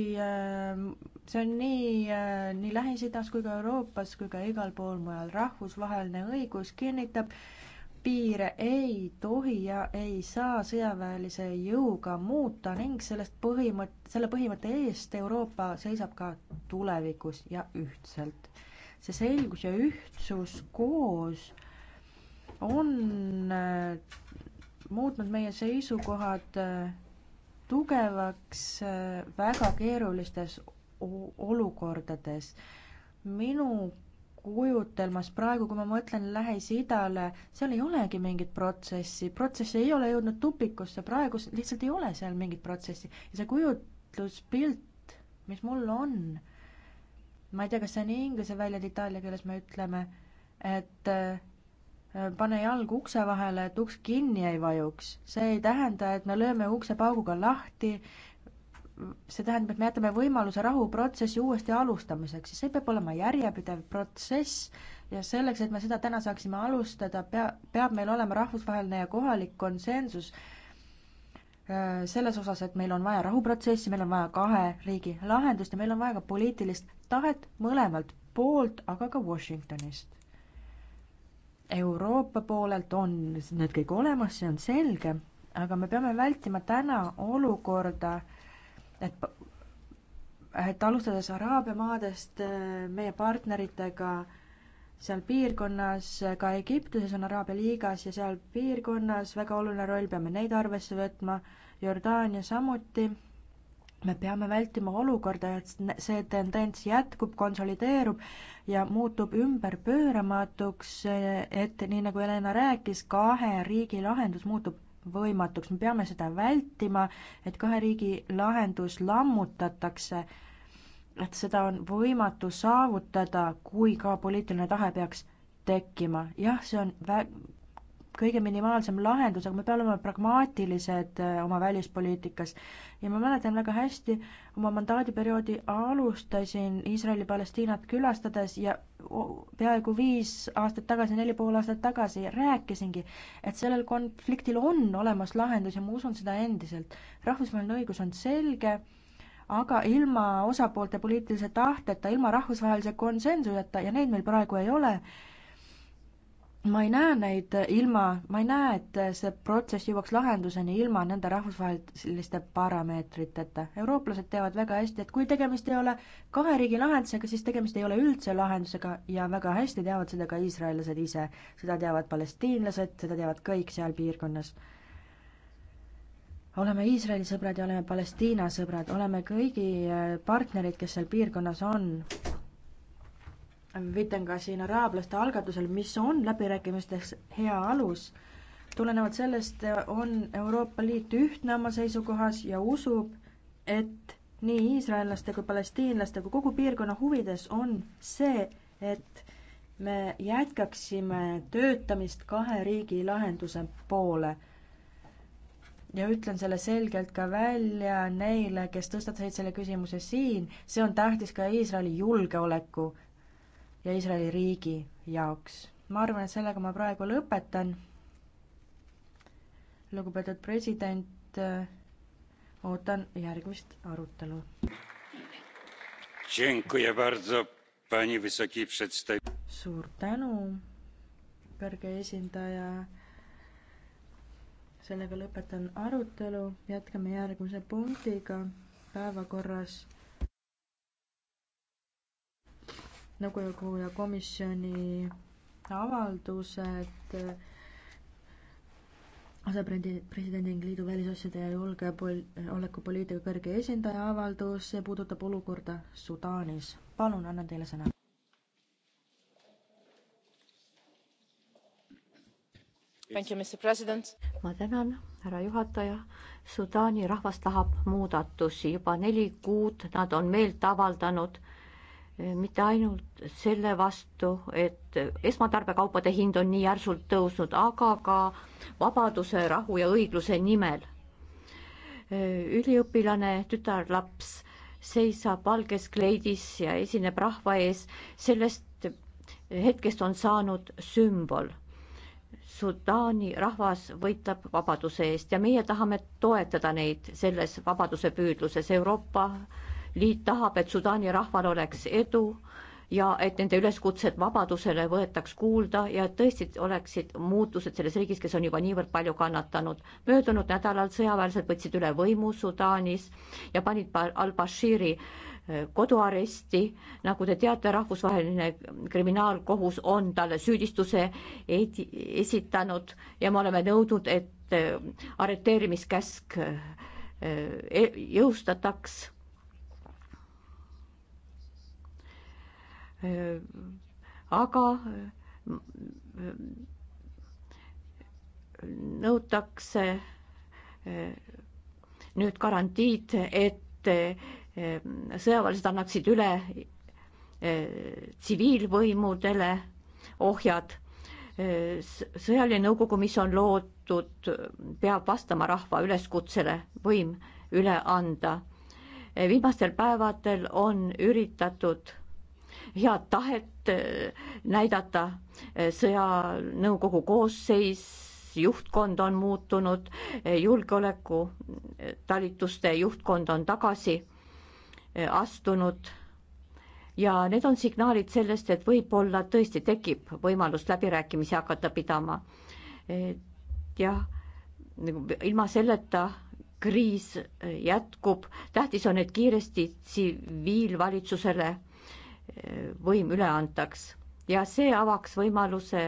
Ehm, see on nii, eh, nii Lähis-Idas kui ka Euroopas kui ka igal pool mujal. rahvusvaheline õigus kinnitab, piire ei tohi ja ei saa sõjaväelise jõuga muuta ning sellest põhimõt-, selle põhimõtte eest Euroopa seisab ka tulevikus ja ühtselt. see selgus ja ühtsus koos on eh, muutnud meie seisukohad eh, tugevaks äh, väga keerulistes olukordades. minu kujutelmas praegu, kui ma mõtlen Lähis-Idale, seal ei olegi mingit protsessi, protsess ei ole jõudnud tupikusse, praegu lihtsalt ei ole seal mingit protsessi ja see kujutluspilt, mis mul on, ma ei tea, kas see on inglise väljend itaalia keeles, me ütleme, et äh, pane jalg ukse vahele, et uks kinni ei vajuks. see ei tähenda, et me lööme ukse pauguga lahti, see tähendab, et me jätame võimaluse rahuprotsessi uuesti alustamiseks ja see peab olema järjepidev protsess ja selleks, et me seda täna saaksime alustada, pea, peab meil olema rahvusvaheline ja kohalik konsensus äh, selles osas, et meil on vaja rahuprotsessi, meil on vaja kahe riigi lahendust ja meil on vaja ka poliitilist tahet mõlemalt poolt, aga ka Washingtonist Euroopa poolelt on need kõik olemas, see on selge, aga me peame vältima täna olukorda, et, et alustades Araabia maadest, äh, meie partneritega seal piirkonnas, ka Egiptuses on Araabia liigas ja seal piirkonnas väga oluline roll, peame neid arvesse võtma, Jordaania samuti me peame vältima olukorda, et see tendents jätkub, konsolideerub ja muutub ümberpööramatuks, et nii nagu Helena rääkis, kahe riigi lahendus muutub võimatuks, me peame seda vältima, et kahe riigi lahendus lammutatakse, et seda on võimatu saavutada, kui ka poliitiline tahe peaks tekkima. jah, see on vä-, kõige minimaalsem lahendus, aga me peame olema pragmaatilised äh, oma välispoliitikas. ja ma mäletan väga hästi, oma mandaadiperioodi alustasin Iisraeli-Palestiinat külastades ja peaaegu viis aastat tagasi, neli pool aastat tagasi rääkisingi, et sellel konfliktil on olemas lahendus ja ma usun seda endiselt. rahvusvaheline õigus on selge aga ilma osapoolte poliitilise tahteta, ilma rahvusvahelise konsensuseta ja neid meil praegu ei ole, ma ei näe neid ilma, ma ei näe, et see protsess jõuaks lahenduseni ilma nende rahvusvaheliste parameetriteta. eurooplased teavad väga hästi, et kui tegemist ei ole kahe riigi lahendusega, siis tegemist ei ole üldse lahendusega ja väga hästi teavad seda ka iisraellased ise. seda teavad palestiinlased, seda teavad kõik seal piirkonnas oleme Iisraeli sõbrad ja oleme Palestiina sõbrad, oleme kõigi partnerid, kes seal piirkonnas on, viitan ka siin araablaste algatusele, mis on läbirääkimisteks hea alus. tulenevalt sellest on Euroopa Liit ühtne oma seisukohas ja usub, et nii iisraellaste kui palestiinlaste kui kogu piirkonna huvides on see, et me jätkaksime töötamist kahe riigi lahenduse poole. ja ütlen selle selgelt ka välja neile, kes tõstatasid selle küsimuse siin, see on tähtis ka Iisraeli julgeoleku ja Iisraeli riigi jaoks. ma arvan, et sellega ma praegu lõpetan. lugupeetud president, ootan järgmist arutelu. suur tänu, kõrge esindaja. sellega lõpetan arutelu, jätkame järgmise punktiga päevakorras nõukogu ja komisjoni avaldused asepresidendi liidu välisasjade ja julgeolekupoliitika kõrge esindaja avaldus, see puudutab olukorda Sudaanis. palun, annan teile sõna. ma tänan, härra juhataja. Sudaani rahvas tahab muudatusi, juba neli kuud nad on meelt avaldanud Eh, mitte ainult selle vastu, et esmatarbekaupade hind on nii järsult tõusnud, aga ka vabaduse, rahu ja õigluse nimel. Eh, üliõpilane tütarlaps seisab valges kleidis ja esineb rahva ees, sellest hetkest on saanud sümbol. Sudaani rahvas võitleb vabaduse eest ja meie tahame toetada neid selles vabadusepüüdluses Euroopa Liit tahab, et Sudaani rahval oleks edu ja et nende üleskutsed vabadusele võetaks kuulda ja et tõesti oleksid muutused selles riigis, kes on juba niivõrd palju kannatanud. möödunud nädalal sõjaväelased võtsid üle võimu Sudaanis ja panid al-Bashiri eh, koduaresti, nagu te teate, rahvusvaheline kriminaalkohus on talle süüdistuse esitanud ja me oleme nõudnud, et eh, arreteerimiskäsk eh, jõustataks aga äh, nõutakse äh, nüüd garantiid, et äh, sõjaväelased annaksid üle tsiviilvõimudele ohjad. sõjaline nõukogu, mis on loodud, peab vastama rahva üleskutsele võim üle anda. viimastel päevadel on üritatud head tahet äh, näidata. Äh, sõjanõukogu koosseis, juhtkond on muutunud, äh, julgeolekutalituste juhtkond on tagasi astunud ja need on signaalid sellest, et võib-olla tõesti tekib võimalus läbirääkimisi hakata pidama. jah, ilma selleta kriis jätkub, tähtis on, et kiiresti tsiviilvalitsusele võim üle antaks ja see avaks võimaluse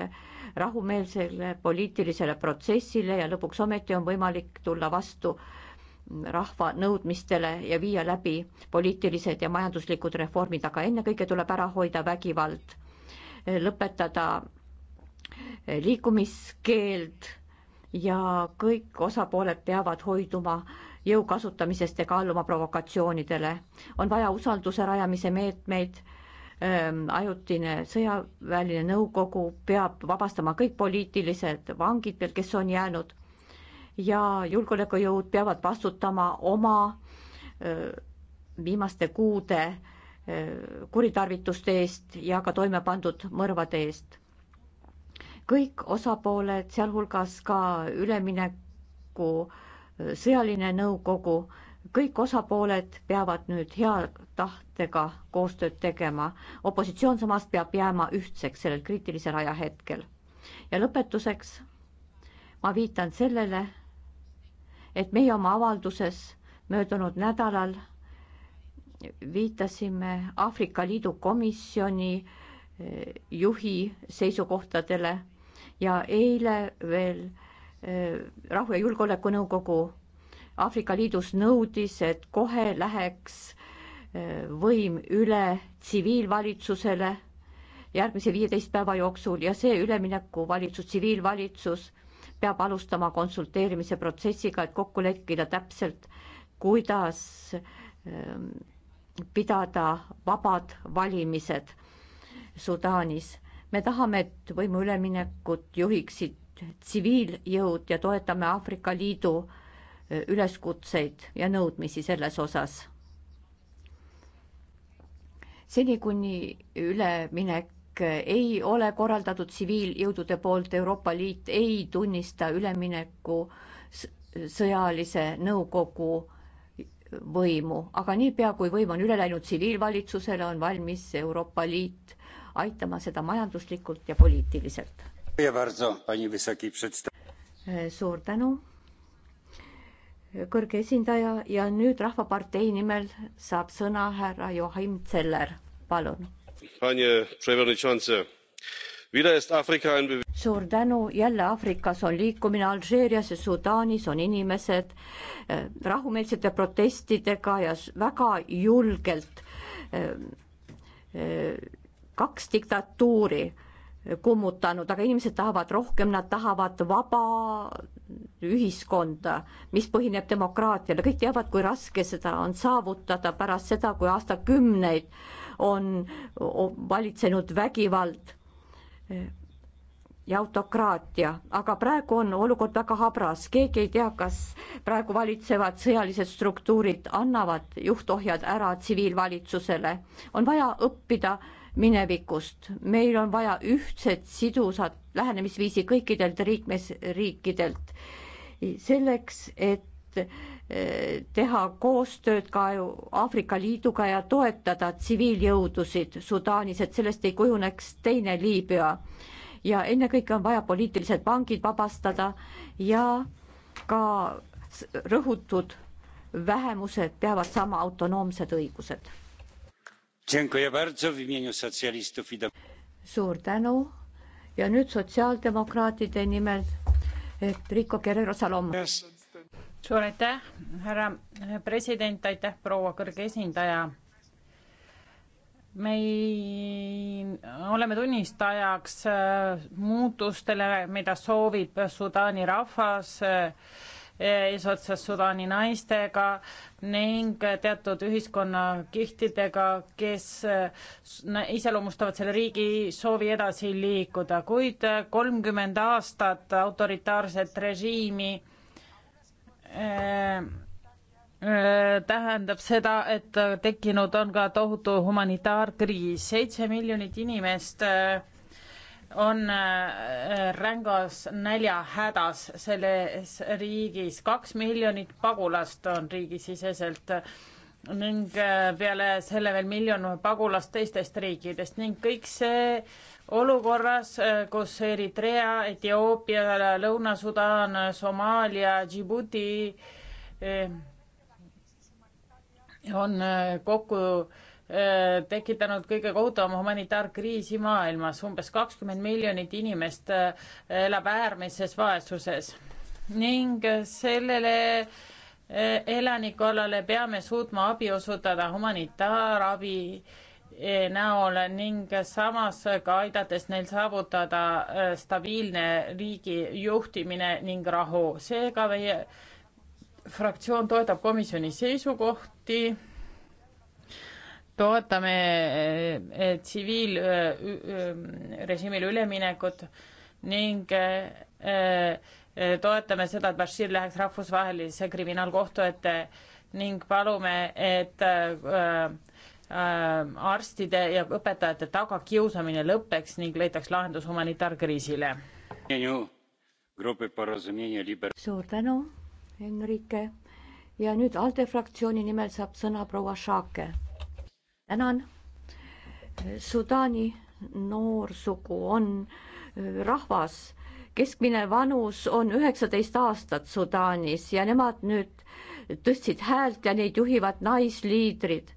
rahumeelsele poliitilisele protsessile ja lõpuks ometi on võimalik tulla vastu rahva nõudmistele ja viia läbi poliitilised ja majanduslikud reformid, aga ennekõike tuleb ära hoida vägivald, lõpetada liikumiskeeld ja kõik osapooled peavad hoiduma jõu kasutamisest ega alluma provokatsioonidele. on vaja usalduse rajamise meetmeid Ehm, ajutine sõjaväeline nõukogu peab vabastama kõik poliitilised vangid veel, kes on jäänud ja julgeolekujõud peavad vastutama oma ehm, viimaste kuude ehm, kuritarvituste eest ja ka toime pandud mõrvade eest. kõik osapooled, sealhulgas ka ülemineku sõjaline nõukogu kõik osapooled peavad nüüd hea tahtega koostööd tegema, opositsioon samas peab jääma ühtseks sellel kriitilisel ajahetkel. ja lõpetuseks ma viitan sellele, et meie oma avalduses möödunud nädalal viitasime Aafrika Liidu komisjoni eh, juhi seisukohtadele ja eile veel eh, rahu- ja julgeolekunõukogu Aafrika Liidus nõudis, et kohe läheks äh, võim üle tsiviilvalitsusele järgmise viieteist päeva jooksul ja see üleminekuvalitsus, tsiviilvalitsus peab alustama konsulteerimise protsessiga, et kokku leppida täpselt, kuidas ähm, pidada vabad valimised Sudaanis. me tahame, et võimu üleminekut juhiksid tsiviiljõud ja toetame Aafrika Liidu üleskutseid ja nõudmisi selles osas. seni, kuni üleminek ei ole korraldatud tsiviiljõudude poolt, Euroopa Liit ei tunnista ülemineku sõjalise nõukogu võimu, aga niipea, kui võim on üle läinud tsiviilvalitsusele, on valmis Euroopa Liit aitama seda majanduslikult ja poliitiliselt. suur tänu kõrge esindaja ja nüüd Rahvapartei nimel saab sõna härra Joachim Zeller, palun. suur tänu, jälle Aafrikas on liikumine, Alžeerias ja Sudaanis on inimesed eh, rahumeelsete protestidega ja väga julgelt eh, eh, kaks diktatuuri kummutanud, aga inimesed tahavad rohkem, nad tahavad vaba ühiskonda, mis põhineb demokraatiale, kõik teavad, kui raske seda on saavutada pärast seda, kui aastakümneid on valitsenud vägivald ja autokraatia, aga praegu on olukord väga habras, keegi ei tea, kas praegu valitsevad sõjalised struktuurid annavad juhtohjad ära tsiviilvalitsusele, on vaja õppida minevikust, meil on vaja ühtset sidusat lähenemisviisi kõikidelt liikmesriikidelt selleks, et eh, teha koostööd ka Aafrika Liiduga ja toetada tsiviiljõudusid Sudaanis, et sellest ei kujuneks teine Liibüa. ja ennekõike on vaja poliitilised vangid vabastada ja ka rõhutud vähemused peavad saama autonoomsed õigused. suur tänu ja nüüd sotsiaaldemokraatide nimel Rico Guerrero Salom. suur aitäh, härra president, aitäh, proua kõrge esindaja. me ei, oleme tunnistajaks äh, muutustele, mida soovib Sudaani rahvas äh, eesotsas Sudaani naistega ning teatud ühiskonnakihtidega, kes iseloomustavad selle riigi soovi edasi liikuda, kuid kolmkümmend aastat autoritaarset režiimi äh, äh, tähendab seda, et tekkinud on ka tohutu humanitaarkriis, seitse miljonit inimest äh, on äh, rängas näljahädas selles riigis, kaks miljonit pagulast on riigisiseselt ning äh, peale selle veel miljon pagulast teistest riikidest ning kõik see olukorras, äh, kus Eritrea, Etioopia, Lõuna-Sudaan, Somaalia, Djibouti on kokku tekitanud kõige kohutavam humanitaarkriisi maailmas. umbes kakskümmend miljonit inimest äh, elab äärmises vaesuses ning sellele äh, elanikkonnale peame suutma abi osutada humanitaarabi äh, näol ning samas ka aidates neil saavutada stabiilne riigi juhtimine ning rahu. seega meie fraktsioon toetab komisjoni seisukohti toetame tsiviilrežiimile äh, äh, üleminekut ning äh, toetame seda, et Bashir läheks rahvusvahelise kriminaalkohtu ette ning palume, et arstide ja õpetajate tagakiusamine lõpeks ning leitaks lahendus humanitaarkriisile. suur tänu, Henrike. ja nüüd ALDE fraktsiooni nimel saab sõna proua Šake tänan. Sudaani noorsugu on äh, rahvas, keskmine vanus on üheksateist aastat Sudaanis ja nemad nüüd tõstsid häält ja neid juhivad naisliidrid,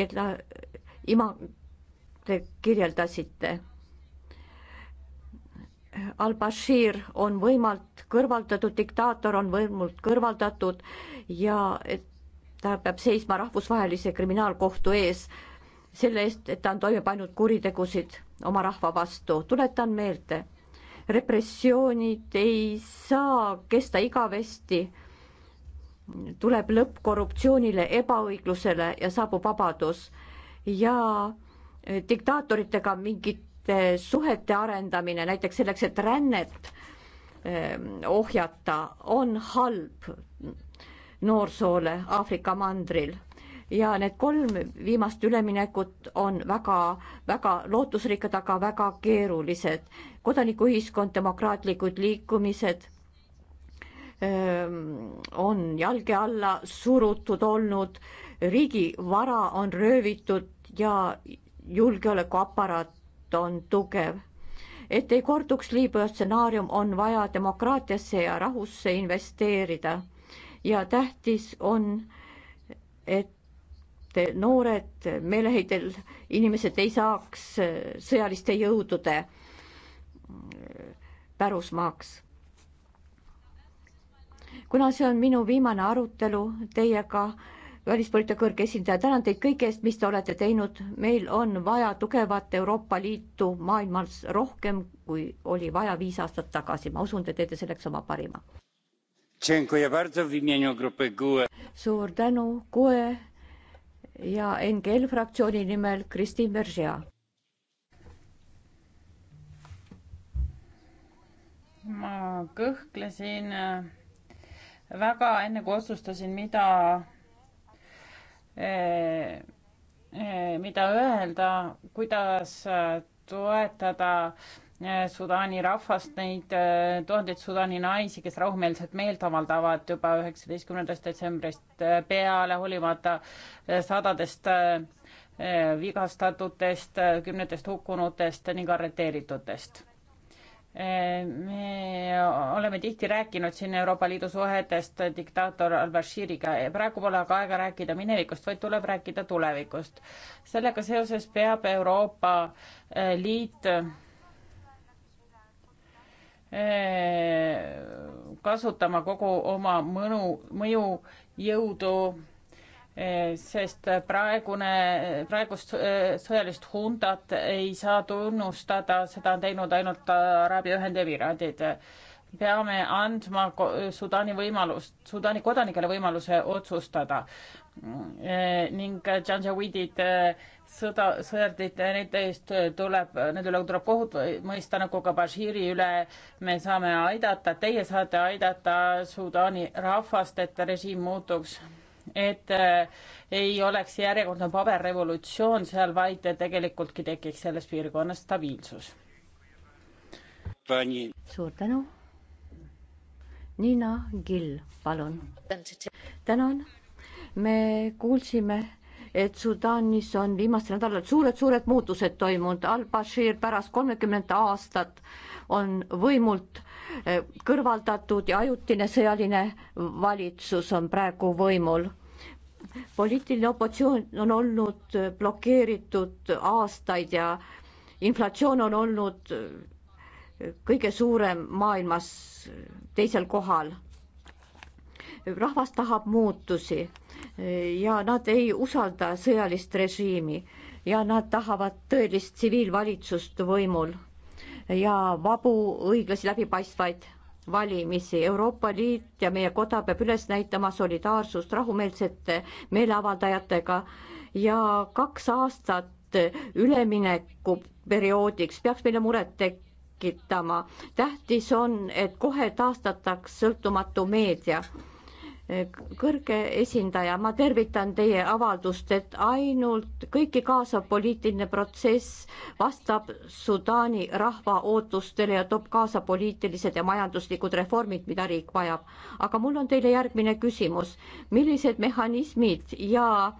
keda ima te kirjeldasite. al-Bashir on võimalt kõrvaldatud, diktaator on võimult kõrvaldatud ja et ta peab seisma rahvusvahelise kriminaalkohtu ees selle eest, et ta on toime pannud kuritegusid oma rahva vastu. tuletan meelde, repressioonid ei saa kesta igavesti. tuleb lõpp korruptsioonile, ebaõiglusele ja saabub vabadus ja diktaatoritega mingite suhete arendamine, näiteks selleks, et rännet eh, ohjata, on halb noorsoole Aafrika mandril ja need kolm viimast üleminekut on väga-väga lootusrikkad, aga väga keerulised. kodanikuühiskond, demokraatlikud liikumised öö, on jalge alla surutud olnud, riigi vara on röövitud ja julgeolekuaparaat on tugev. et ei korduks Liibüa stsenaarium, on vaja demokraatiasse ja rahusse investeerida ja tähtis on, et noored meeleheitel inimesed ei saaks sõjaliste jõudude pärusmaaks. kuna see on minu viimane arutelu teiega, välispoliitika kõrge esindaja, tänan teid kõige eest, mis te olete teinud, meil on vaja tugevat Euroopa Liitu maailmas rohkem, kui oli vaja viis aastat tagasi, ma usun, te teete selleks oma parima. E. suur tänu, Kue ja NGL fraktsiooni nimel Kristiin Veržea. ma kõhklesin äh, väga, enne kui otsustasin, mida äh, äh, mida öelda, kuidas toetada äh, Eh, Sudaani rahvast, neid eh, tuhandeid Sudaani naisi, kes rahumeelselt meelt avaldavad juba üheksateistkümnendast detsembrist eh, peale, hoolimata sadadest vigastatutest, kümnetest hukkunutest ning arreteeritutest. me oleme tihti rääkinud siin Euroopa Liidu suhetest diktaator al-Bashiriga ja praegu pole aga aega rääkida minevikust, vaid tuleb rääkida tulevikust. sellega seoses peab Euroopa Liit Eh, kasutama kogu oma mõnu, mõjujõudu, eh, sest praegune, praegust eh, sõjalist hundat ei saa tunnustada, seda on teinud ainult Araabia Ühendemiraadid. peame andma Sudaani võimalust, Sudaani kodanikele võimaluse otsustada ning Janjaweedid sõda, sõjardite, nende eest tuleb, nende üle tuleb kohut mõista, nagu ka Bashiri üle me saame aidata, teie saate aidata Sudaani rahvast, et režiim muutuks, et äh, ei oleks järjekordne paberrevolutsioon seal, vaid tegelikultki tekiks selles piirkonnas stabiilsus. suur tänu. Nina Gill, palun. tänan. me kuulsime et Sudaanis on viimastel nädalal suured-suured muutused toimunud. al-Bashir pärast kolmekümmet aastat on võimult eh, kõrvaldatud ja ajutine sõjaline valitsus on praegu võimul poliitiline opositsioon on olnud eh, blokeeritud aastaid ja inflatsioon on olnud eh, kõige suurem maailmas teisel kohal. rahvas tahab muutusi ja nad ei usalda sõjalist režiimi ja nad tahavad tõelist tsiviilvalitsust võimul ja vabu, õiglasi, läbipaistvaid valimisi. Euroopa Liit ja meie koda peab üles näitama solidaarsust rahumeelsete meeleavaldajatega ja kaks aastat üleminekuperioodiks peaks meile muret tekitama. tähtis on, et kohe taastataks sõltumatu meedia Eh, kõrge esindaja, ma tervitan teie avaldust, et ainult kõiki kaasav poliitiline protsess vastab Sudaani rahva ootustele ja toob kaasa poliitilised ja majanduslikud reformid, mida riik vajab. aga mul on teile järgmine küsimus. millised mehhanismid ja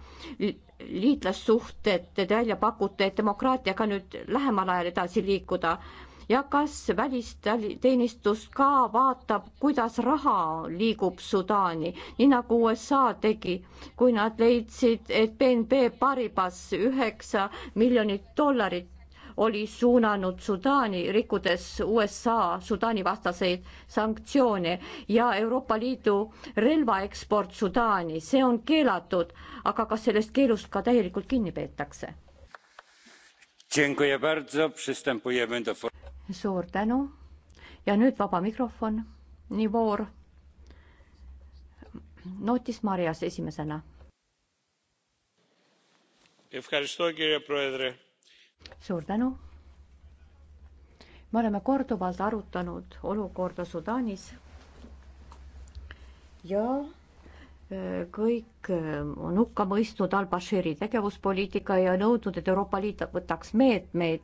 liitlassuhted te välja pakute, et demokraatiaga nüüd lähemal ajal edasi liikuda? ja kas välisteenistus ka vaatab, kuidas raha liigub Sudaani, nii nagu USA tegi, kui nad leidsid, et BNP Paribas üheksa miljonit dollarit oli suunanud Sudaani, rikkudes USA Sudaani vastaseid sanktsioone ja Euroopa Liidu relvaeksport Sudaani, see on keelatud, aga kas sellest keelust ka täielikult kinni peetakse? suur tänu. ja nüüd vaba mikrofon, nii voor. Nootis Marjas esimesena. suur tänu. me oleme korduvalt arutanud olukorda Sudaanis. ja e, kõik e, on hukka mõistnud al-Bashiri tegevuspoliitika ja nõudnud, et Euroopa Liit võtaks meetmeid,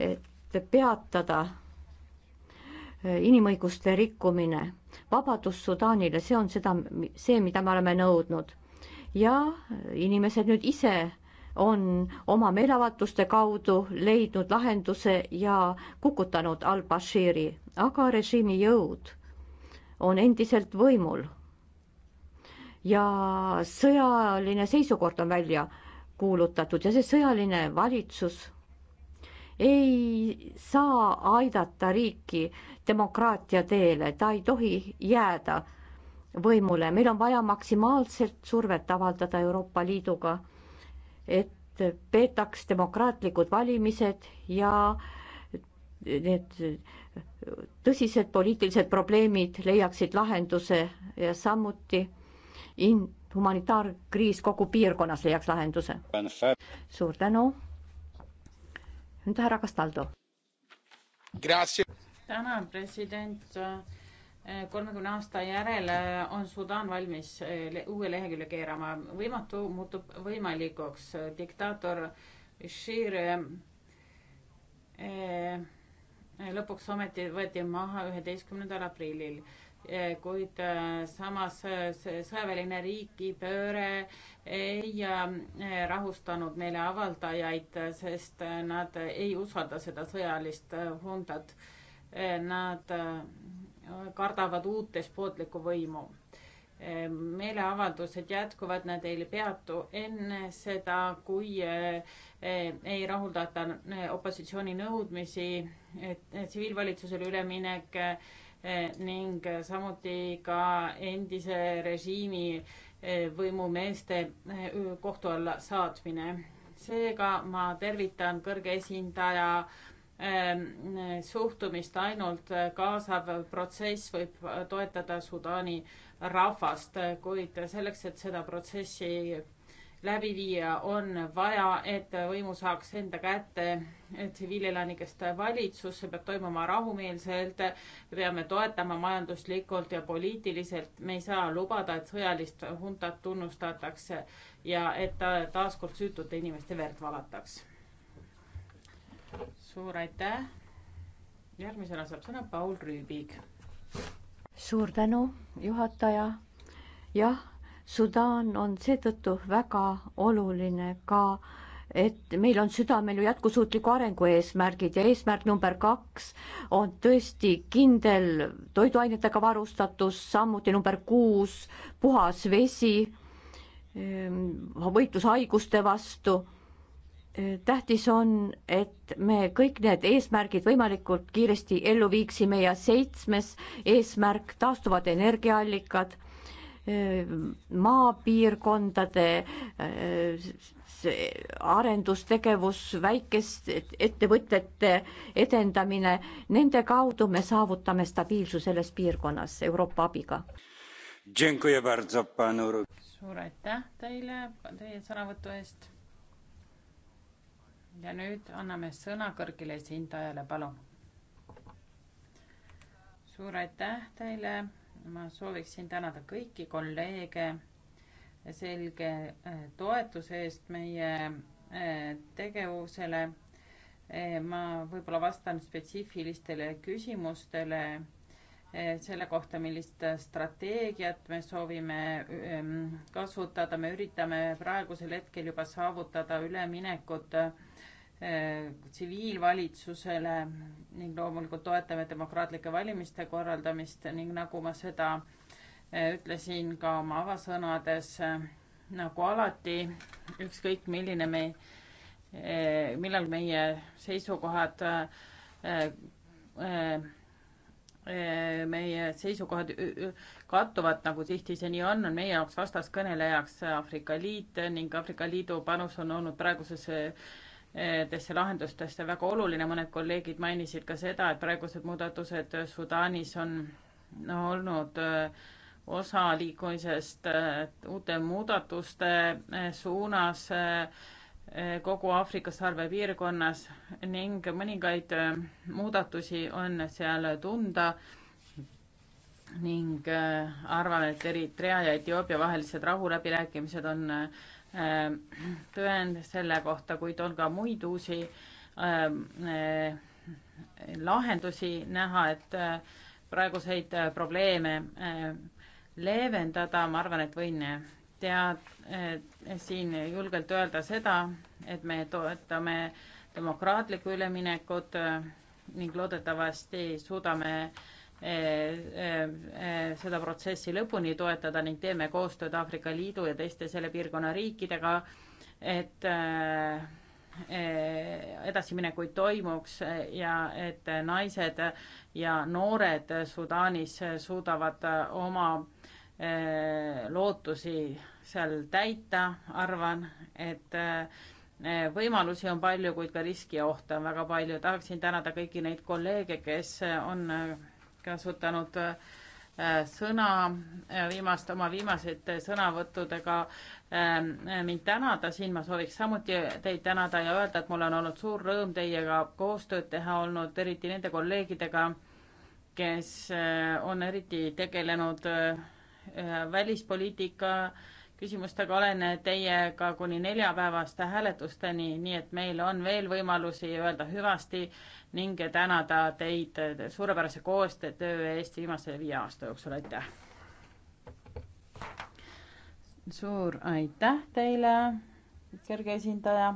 et peatada äh, inimõiguste rikkumine, vabadus Sudaanile, see on seda, see, mida me oleme nõudnud. ja inimesed nüüd ise on oma meeleavalduste kaudu leidnud lahenduse ja kukutanud al-Bashiri, aga režiimi jõud on endiselt võimul. ja sõjaline seisukord on välja kuulutatud ja see sõjaline valitsus ei saa aidata riiki demokraatia teele, ta ei tohi jääda võimule, meil on vaja maksimaalselt survet avaldada Euroopa Liiduga, et peetaks demokraatlikud valimised ja need tõsised poliitilised probleemid leiaksid lahenduse ja samuti in-, humanitaarkriis kogu piirkonnas leiaks lahenduse. suur tänu nüüd härra Castaldo. tänan, president. Eh, kolmekümne aasta järel eh, on Sudaan valmis eh, uue lehekülje keerama. võimatu muutub võimalikuks. diktaator Bashir lõpuks ometi võeti maha üheteistkümnendal aprillil Eh, kuid eh, samas eh, see sõjaväeline riigipööre ei rahustanud meeleavaldajaid, sest nad ei usalda seda sõjalist hundat. Nad kardavad uut despootlikku võimu. meeleavaldused jätkuvad, nad ei peatu enne seda, kui ei rahuldata opositsiooni nõudmisi, et tsiviilvalitsusele üleminek Eh, ning samuti ka endise režiimi eh, võimumeeste eh, kohtu alla saatmine. seega ma tervitan kõrge esindaja suhtumist ainult kaasav protsess võib toetada Sudaani rahvast, kuid selleks, et seda protsessi läbi viia, on vaja, et võimu saaks enda kätte tsiviilelanikest valitsus, see peab toimuma rahumeelselt, me peame toetama majanduslikult ja poliitiliselt, me ei saa lubada, et sõjalist huntat tunnustatakse ja et ta taaskord süütute inimeste verd valataks. suur aitäh. järgmisena saab sõna Paul Rüübik. suur tänu, juhataja. jah Sudaan on seetõttu väga oluline ka, et meil on südamel ju jätkusuutliku arengu eesmärgid ja eesmärk number kaks on tõesti kindel toiduainetega varustatus, samuti number kuus puhas vesi, ehm, võitlus haiguste vastu. Ehm, tähtis on, et me kõik need eesmärgid võimalikult kiiresti ellu viiksime ja seitsmes eesmärk taastuvad energiaallikad maapiirkondade arendustegevus, väikeste ettevõtete edendamine, nende kaudu me saavutame stabiilsuse selles piirkonnas Euroopa abiga. suur aitäh teile teie sõnavõtu eest. ja nüüd anname sõna kõrgile esindajale, palun. suur aitäh teile ma sooviksin tänada kõiki kolleege selge äh, toetuse eest meie äh, tegevusele. Äh, ma võib-olla vastan spetsiifilistele küsimustele selle kohta, millist strateegiat me soovime ähm, kasutada, me üritame praegusel hetkel juba saavutada üleminekut Äh, tsiviilvalitsusele ning loomulikult toetame demokraatlike valimiste korraldamist ning nagu ma seda äh, ütlesin ka oma avasõnades, äh, nagu alati, ükskõik milline me, millal meie seisukohad, meie seisukohad kattuvad, nagu tihti see nii on, on meie jaoks vastaskõnelejaks Aafrika Liit ning Aafrika Liidu panus on olnud praeguses tesse lahendustesse väga oluline, mõned kolleegid mainisid ka seda, et praegused muudatused Sudaanis on no, olnud äh, osa liikumisest äh, uute muudatuste äh, suunas kogu Aafrika sarve piirkonnas ning mõningaid muudatusi on seal tunda ning arvame, et Eritrea ja Etioopia vahelised rahuläbirääkimised on äh, Ähm, tõend selle kohta, kuid on ka muid uusi ähm, äh, lahendusi näha, et äh, praeguseid äh, probleeme leevendada, ma arvan, et võin tead, siin julgelt öelda seda, et me toetame demokraatlikku üleminekut ning loodetavasti suudame äh, Eh, eh, eh, seda protsessi lõpuni toetada ning teeme koostööd Aafrika Liidu ja teiste selle piirkonna riikidega, et edasiminekuid toimuks ja et naised ja noored Sudaanis suudavad oma lootusi seal täita, arvan, et võimalusi on palju, kuid ka riski ja ohte on väga palju. tahaksin tänada kõiki neid kolleege, kes on kasutanud äh, sõna äh, viimast, oma viimaste sõnavõttudega äh, mind tänada siin, ma sooviks samuti teid tänada ja öelda, et mul on olnud suur rõõm teiega koostööd teha olnud, eriti nende kolleegidega, kes on eriti tegelenud välispoliitika äh, küsimustega olen teiega kuni neljapäevaste hääletusteni, nii et meil on veel võimalusi öelda hüvasti ning tänada teid suurepärase koostöö eest viimase viie aasta jooksul, aitäh! suur aitäh teile, kõrge esindaja!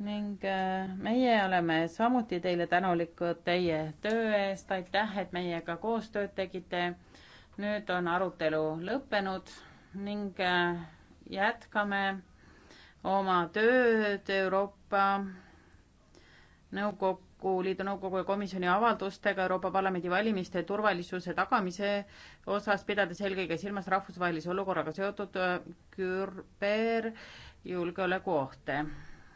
ning äh, meie oleme samuti teile tänulikud teie töö eest, aitäh, et meiega koostööd tegite nüüd on arutelu lõppenud ning äh, jätkame oma tööd Euroopa Nõukogu, Liidu Nõukogu ja komisjoni avaldustega Euroopa Parlamendi valimiste turvalisuse tagamise osas, pidades eelkõige silmas rahvusvahelise olukorraga seotud äh, küberjulgeolekuohte.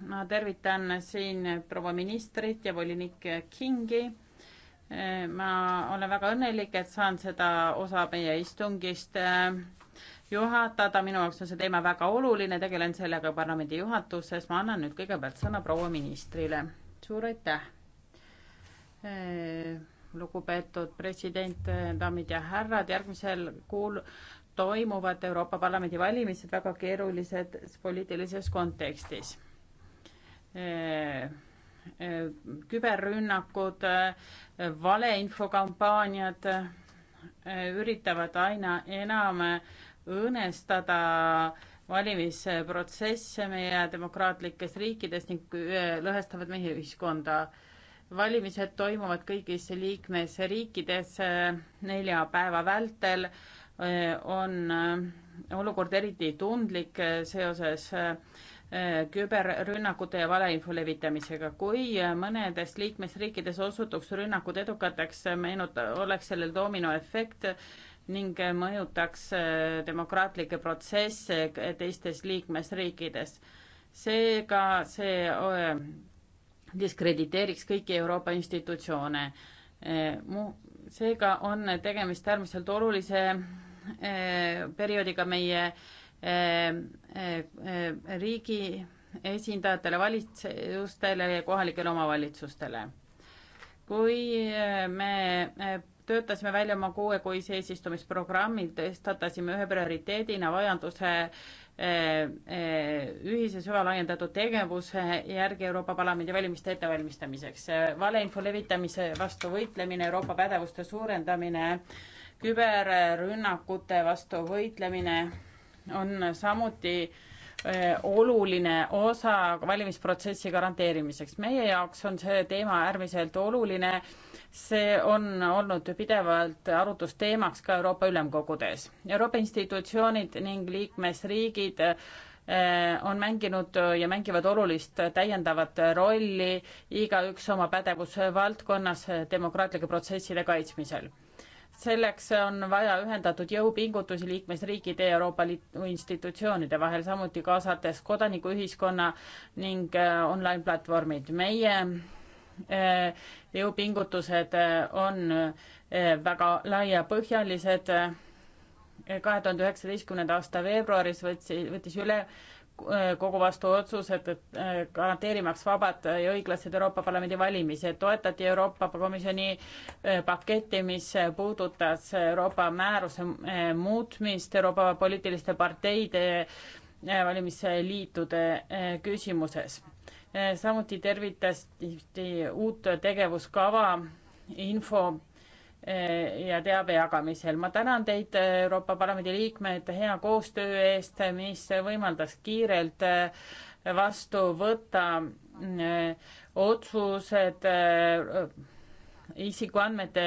ma tervitan siin proua ministrit ja volinik Kingi ma olen väga õnnelik, et saan seda osa meie istungist äh, juhatada, minu jaoks on see teema väga oluline, tegelen sellega parlamendi juhatuses, ma annan nüüd kõigepealt sõna proua ministrile. suur aitäh! Äh, lugupeetud president, äh, daamid ja härrad, järgmisel kuul toimuvad Euroopa Parlamendi valimised väga keerulises poliitilises kontekstis küberrünnakud, valeinfokampaaniad üritavad aina enam õõnestada valimisprotsesse meie demokraatlikes riikides ning äh, lõhestavad meie ühiskonda. valimised toimuvad kõigis liikmesriikides äh, nelja päeva vältel. Äh, on olukord eriti tundlik seoses küberrünnakute ja valeinfo levitamisega. kui mõnedes liikmesriikides osutuks rünnakud edukateks, meenuta, oleks sellel dominoefekt ning mõjutaks äh, demokraatlikke protsesse teistes liikmesriikides. seega see äh, diskrediteeriks kõiki Euroopa institutsioone. Äh, seega on tegemist äärmiselt olulise perioodiga meie Ehm, ehm, ehm, riigi esindajatele, valitsustele ja kohalikele omavalitsustele. kui me töötasime välja oma kuuekuise eesistumisprogrammi, tõstatasime ühe prioriteedina vajaduse ühise süvalaiendatud tegevuse järgi Euroopa Parlamendi valimiste ettevalmistamiseks. valeinfo levitamise vastu võitlemine, Euroopa pädevuste suurendamine, küberrünnakute vastu võitlemine on samuti äh, oluline osa valimisprotsessi garanteerimiseks. meie jaoks on see teema äärmiselt oluline. see on olnud pidevalt arutlusteemaks ka Euroopa Ülemkogudes. Euroopa institutsioonid ning liikmesriigid äh, on mänginud ja mängivad olulist täiendavat rolli igaüks oma pädevuse valdkonnas demokraatlike protsesside kaitsmisel selleks on vaja ühendatud jõupingutusi liikmesriikide ja Euroopa Liidu institutsioonide vahel, samuti kaasates kodanikuühiskonna ning äh, online platvormid. meie äh, jõupingutused äh, on väga laiapõhjalised. kahe tuhande üheksateistkümnenda aasta veebruaris võtsi, võttis üle Äh, kogu vastu otsused, et äh, garanteerimaks vabad ja õiglased Euroopa Parlamendi valimised, toetati Euroopa Komisjoni äh, paketti, mis puudutas Euroopa määruse muutmist Euroopa poliitiliste parteide valimisliitude küsimuses. samuti tervitati uut tegevuskava info Eh, ja teabe jagamisel. ma tänan teid, Euroopa Parlamendi liikmed, hea koostöö eest, mis võimaldas kiirelt eh, vastu võtta eh, otsused isikuandmete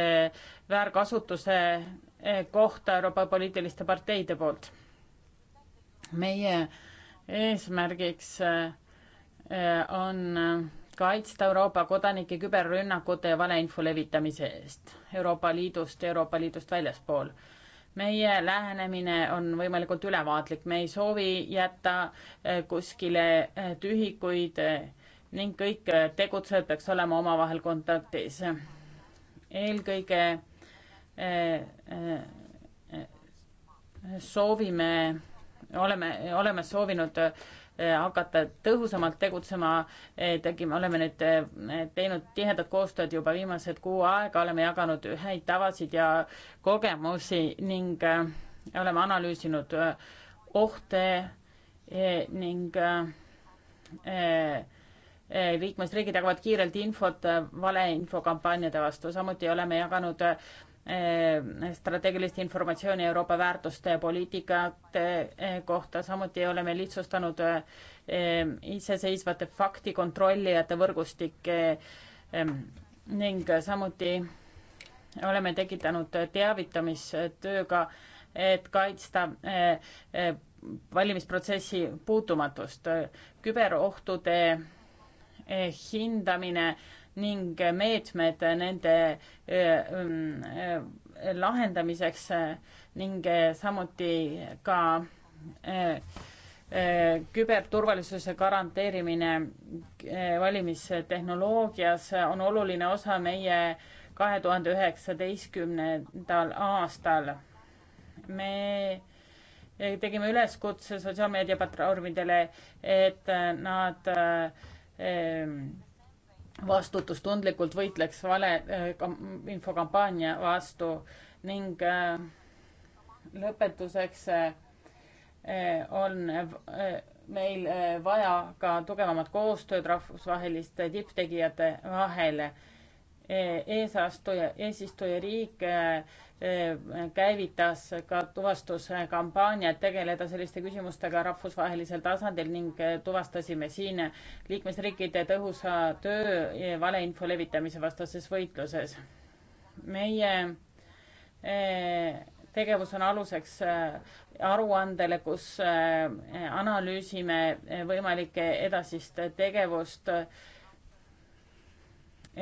väärkasutuse kohta Euroopa poliitiliste parteide poolt. meie eesmärgiks on kaitsta Euroopa kodanikke küberrünnakute ja valeinfo levitamise eest Euroopa Liidust ja Euroopa Liidust väljaspool. meie lähenemine on võimalikult ülevaatlik, me ei soovi jätta eh, kuskile eh, tühikuid eh, ning kõik tegutsejad peaks olema omavahel kontaktis. eelkõige soovime, oleme, oleme soovinud Eh, hakata tõhusamalt tegutsema, eh, tegime, oleme nüüd eh, teinud tihedat koostööd juba viimased kuu aega, oleme jaganud häid tavasid ja kogemusi ning oleme analüüsinud ohte ning liikmesriigid jagavad kiirelt infot valeinfokampaaniade vastu, samuti oleme jaganud Eh, strateegilist informatsiooni Euroopa väärtuste ja poliitikate eh, kohta, samuti oleme lihtsustanud eh, iseseisvate faktikontrollijate võrgustike ning samuti oleme tekitanud teavitamistööga, et kaitsta valimisprotsessi puutumatust. küberohtude hindamine ning meetmed nende lahendamiseks ning samuti ka küberturvalisuse garanteerimine valimistehnoloogias on oluline osa meie kahe tuhande üheksateistkümnendal aastal. me tegime üleskutse sotsiaalmeediaplatvormidele, et nad vastutustundlikult võitleks vale äh, infokampaania vastu ning äh, lõpetuseks äh, on meil vaja ka tugevamat koostööd rahvusvaheliste tipptegijate vahel. eesistuja, eesistujariik Eh, käivitas ka tuvastuskampaania, et tegeleda selliste küsimustega rahvusvahelisel tasandil ning eh, tuvastasime siin liikmesriikide tõhusa töö valeinfo levitamise vastases võitluses. meie eh, tegevus on aluseks aruandele, kus analüüsime võimalikke edasist tegevust,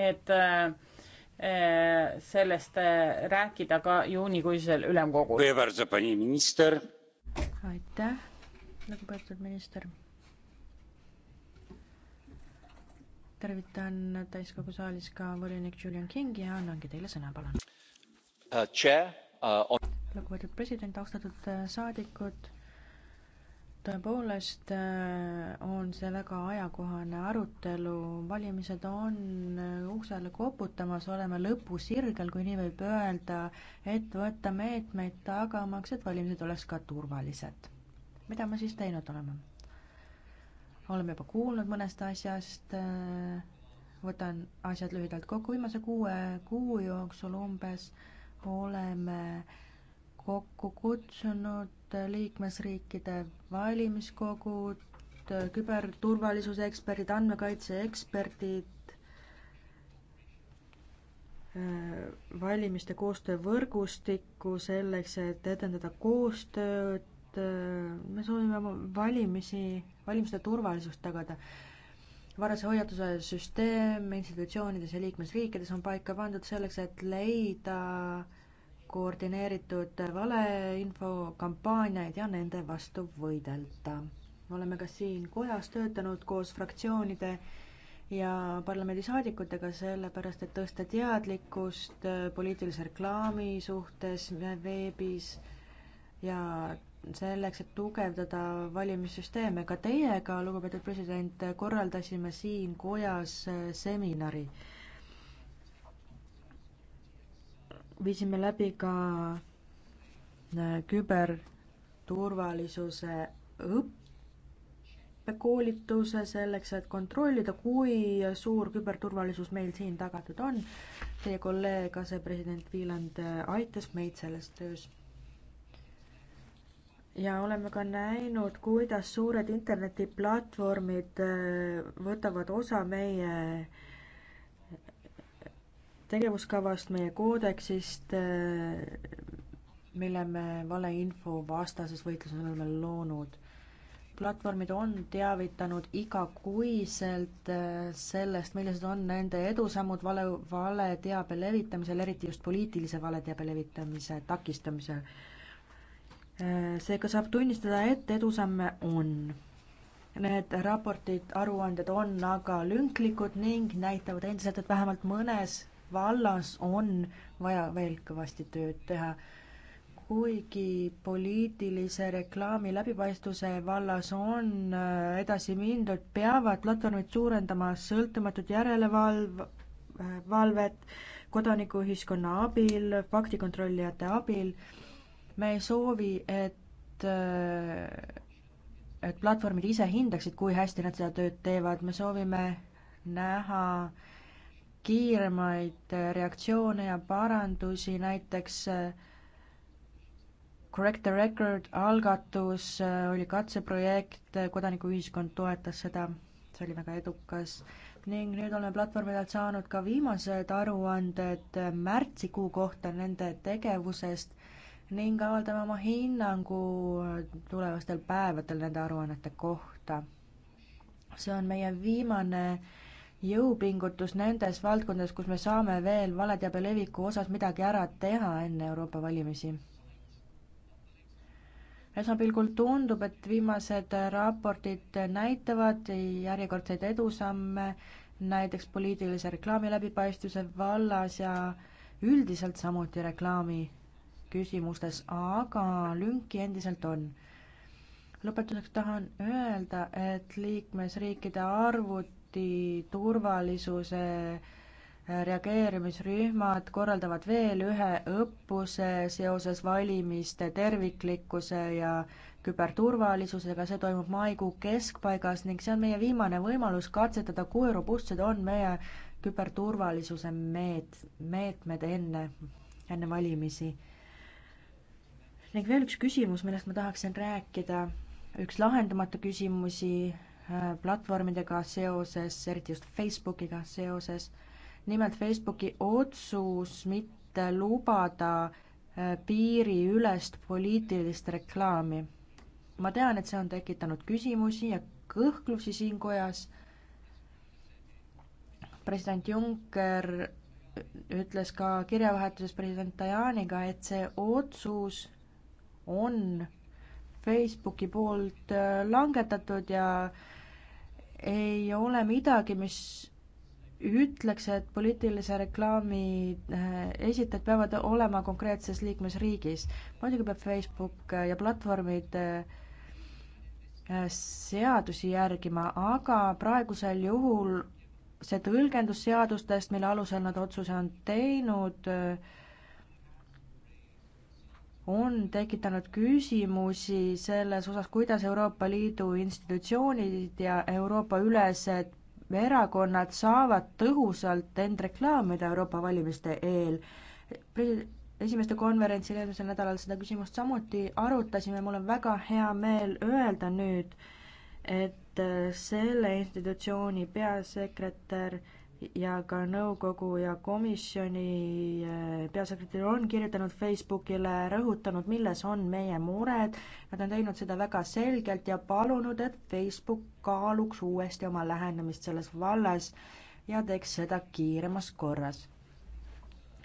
et äh, sellest äh, rääkida ka juunikuisel ülemkogul. aitäh, lugupeetud minister. tervitan täiskogu saalis ka volinik Julian Kingi ja annangi teile sõna, palun uh,. Uh, on... lugupeetud president, austatud saadikud tõepoolest äh, on see väga ajakohane arutelu, valimised on äh, uksele koputamas, oleme lõpusirgel, kui nii võib öelda, et võtta meetmeid tagamaks, et valimised oleks ka turvalised. mida me siis teinud oleme? oleme juba kuulnud mõnest asjast, äh, võtan asjad lühidalt kokku, viimase kuue kuu jooksul umbes oleme äh, kokku kutsunud liikmesriikide valimiskogud, küberturvalisuse eksperdid, andmekaitse eksperdid, äh, valimiste koostöövõrgustikku selleks, et edendada koostööd, äh, me soovime valimisi, valimiste turvalisust tagada. varase hoiatuse süsteem institutsioonides ja liikmesriikides on paika pandud selleks, et leida äh, koordineeritud valeinfokampaaniaid ja nende vastu võidelda. oleme ka siin kojas töötanud koos fraktsioonide ja parlamendisaadikutega sellepärast, et tõsta teadlikkust poliitilise reklaami suhtes veebis ja selleks, et tugevdada valimissüsteeme. ka teiega, lugupeetud president, korraldasime siin kojas seminari viisime läbi ka äh, küberturvalisuse õppekoolituse selleks, et kontrollida, kui suur küberturvalisus meil siin tagatud on. Teie kolleeg, asepresident Viiland äh, aitas meid selles töös. ja oleme ka näinud, kuidas suured internetiplatvormid äh, võtavad osa meie tegevuskavast, meie koodeksist, äh, mille me valeinfo vastases võitluses oleme loonud. platvormid on teavitanud igakuiselt äh, sellest, millised on nende edusammud vale, valeteabe levitamisel, eriti just poliitilise valeteabe levitamise takistamisel. Äh, seega saab tunnistada, et edusamme on Need raportid, aruanded on aga lünklikud ning näitavad endiselt, et vähemalt mõnes vallas on vaja veel kõvasti tööd teha. kuigi poliitilise reklaami läbipaistvuse vallas on äh, edasi mindud, peavad platvormid suurendama sõltumatut järelevalv-, äh, valvet kodanikuühiskonna abil, faktikontrollijate abil. me ei soovi, et äh, et platvormid ise hindaksid, kui hästi nad seda tööd teevad, me soovime näha äh, kiiremaid äh, reaktsioone ja parandusi, näiteks äh, Correct the Record algatus äh, oli katseprojekt, kodanikuühiskond toetas seda, see oli väga edukas. ning nüüd oleme platvormidelt saanud ka viimased aruanded märtsikuu kohta nende tegevusest ning avaldame oma hinnangu tulevastel päevadel nende aruannete kohta. see on meie viimane äh, jõupingutus nendes valdkondades, kus me saame veel valeteabe leviku osas midagi ära teha enne Euroopa valimisi. esmapilgul tundub, et viimased raportid näitavad järjekordseid edusamme näiteks poliitilise reklaami läbipaistvuse vallas ja üldiselt samuti reklaami küsimustes, aga lünki endiselt on lõpetuseks tahan öelda, et liikmesriikide arvud samuti turvalisuse äh, reageerimisrühmad korraldavad veel ühe õppuse seoses valimiste terviklikkuse ja küberturvalisusega, see toimub maikuu keskpaigas ning see on meie viimane võimalus katsetada, kui robustsed on meie küberturvalisuse meet-, meetmed enne, enne valimisi. ning veel üks küsimus, millest ma tahaksin rääkida, üks lahendamata küsimusi Äh, platvormidega seoses, eriti just Facebookiga seoses. nimelt Facebooki otsus mitte lubada äh, piiriülest poliitilist reklaami. ma tean, et see on tekitanud küsimusi ja kõhklusi siin kojas. president Juncker ütles ka kirjavahetuses president Tajaniga, et see otsus on Facebooki poolt äh, langetatud ja äh, ei ole midagi, mis ütleks, et poliitilise reklaami äh, esitajad peavad olema konkreetses liikmesriigis. muidugi peab Facebook äh, ja platvormid äh, seadusi järgima, aga praegusel juhul see tõlgendus seadustest, mille alusel nad otsuse on teinud, on tekitanud küsimusi selles osas, kuidas Euroopa Liidu institutsioonid ja Euroopa-ülesed erakonnad saavad tõhusalt end reklaamida Euroopa valimiste eel. esimeste konverentsil eelmisel nädalal seda küsimust samuti arutasime, mul on väga hea meel öelda nüüd, et selle institutsiooni peasekretär ja ka nõukogu ja komisjoni eh, peasekretär on kirjutanud Facebookile, rõhutanud, milles on meie mured. Nad on teinud seda väga selgelt ja palunud, et Facebook kaaluks uuesti oma lähenemist selles vallas ja teeks seda kiiremas korras.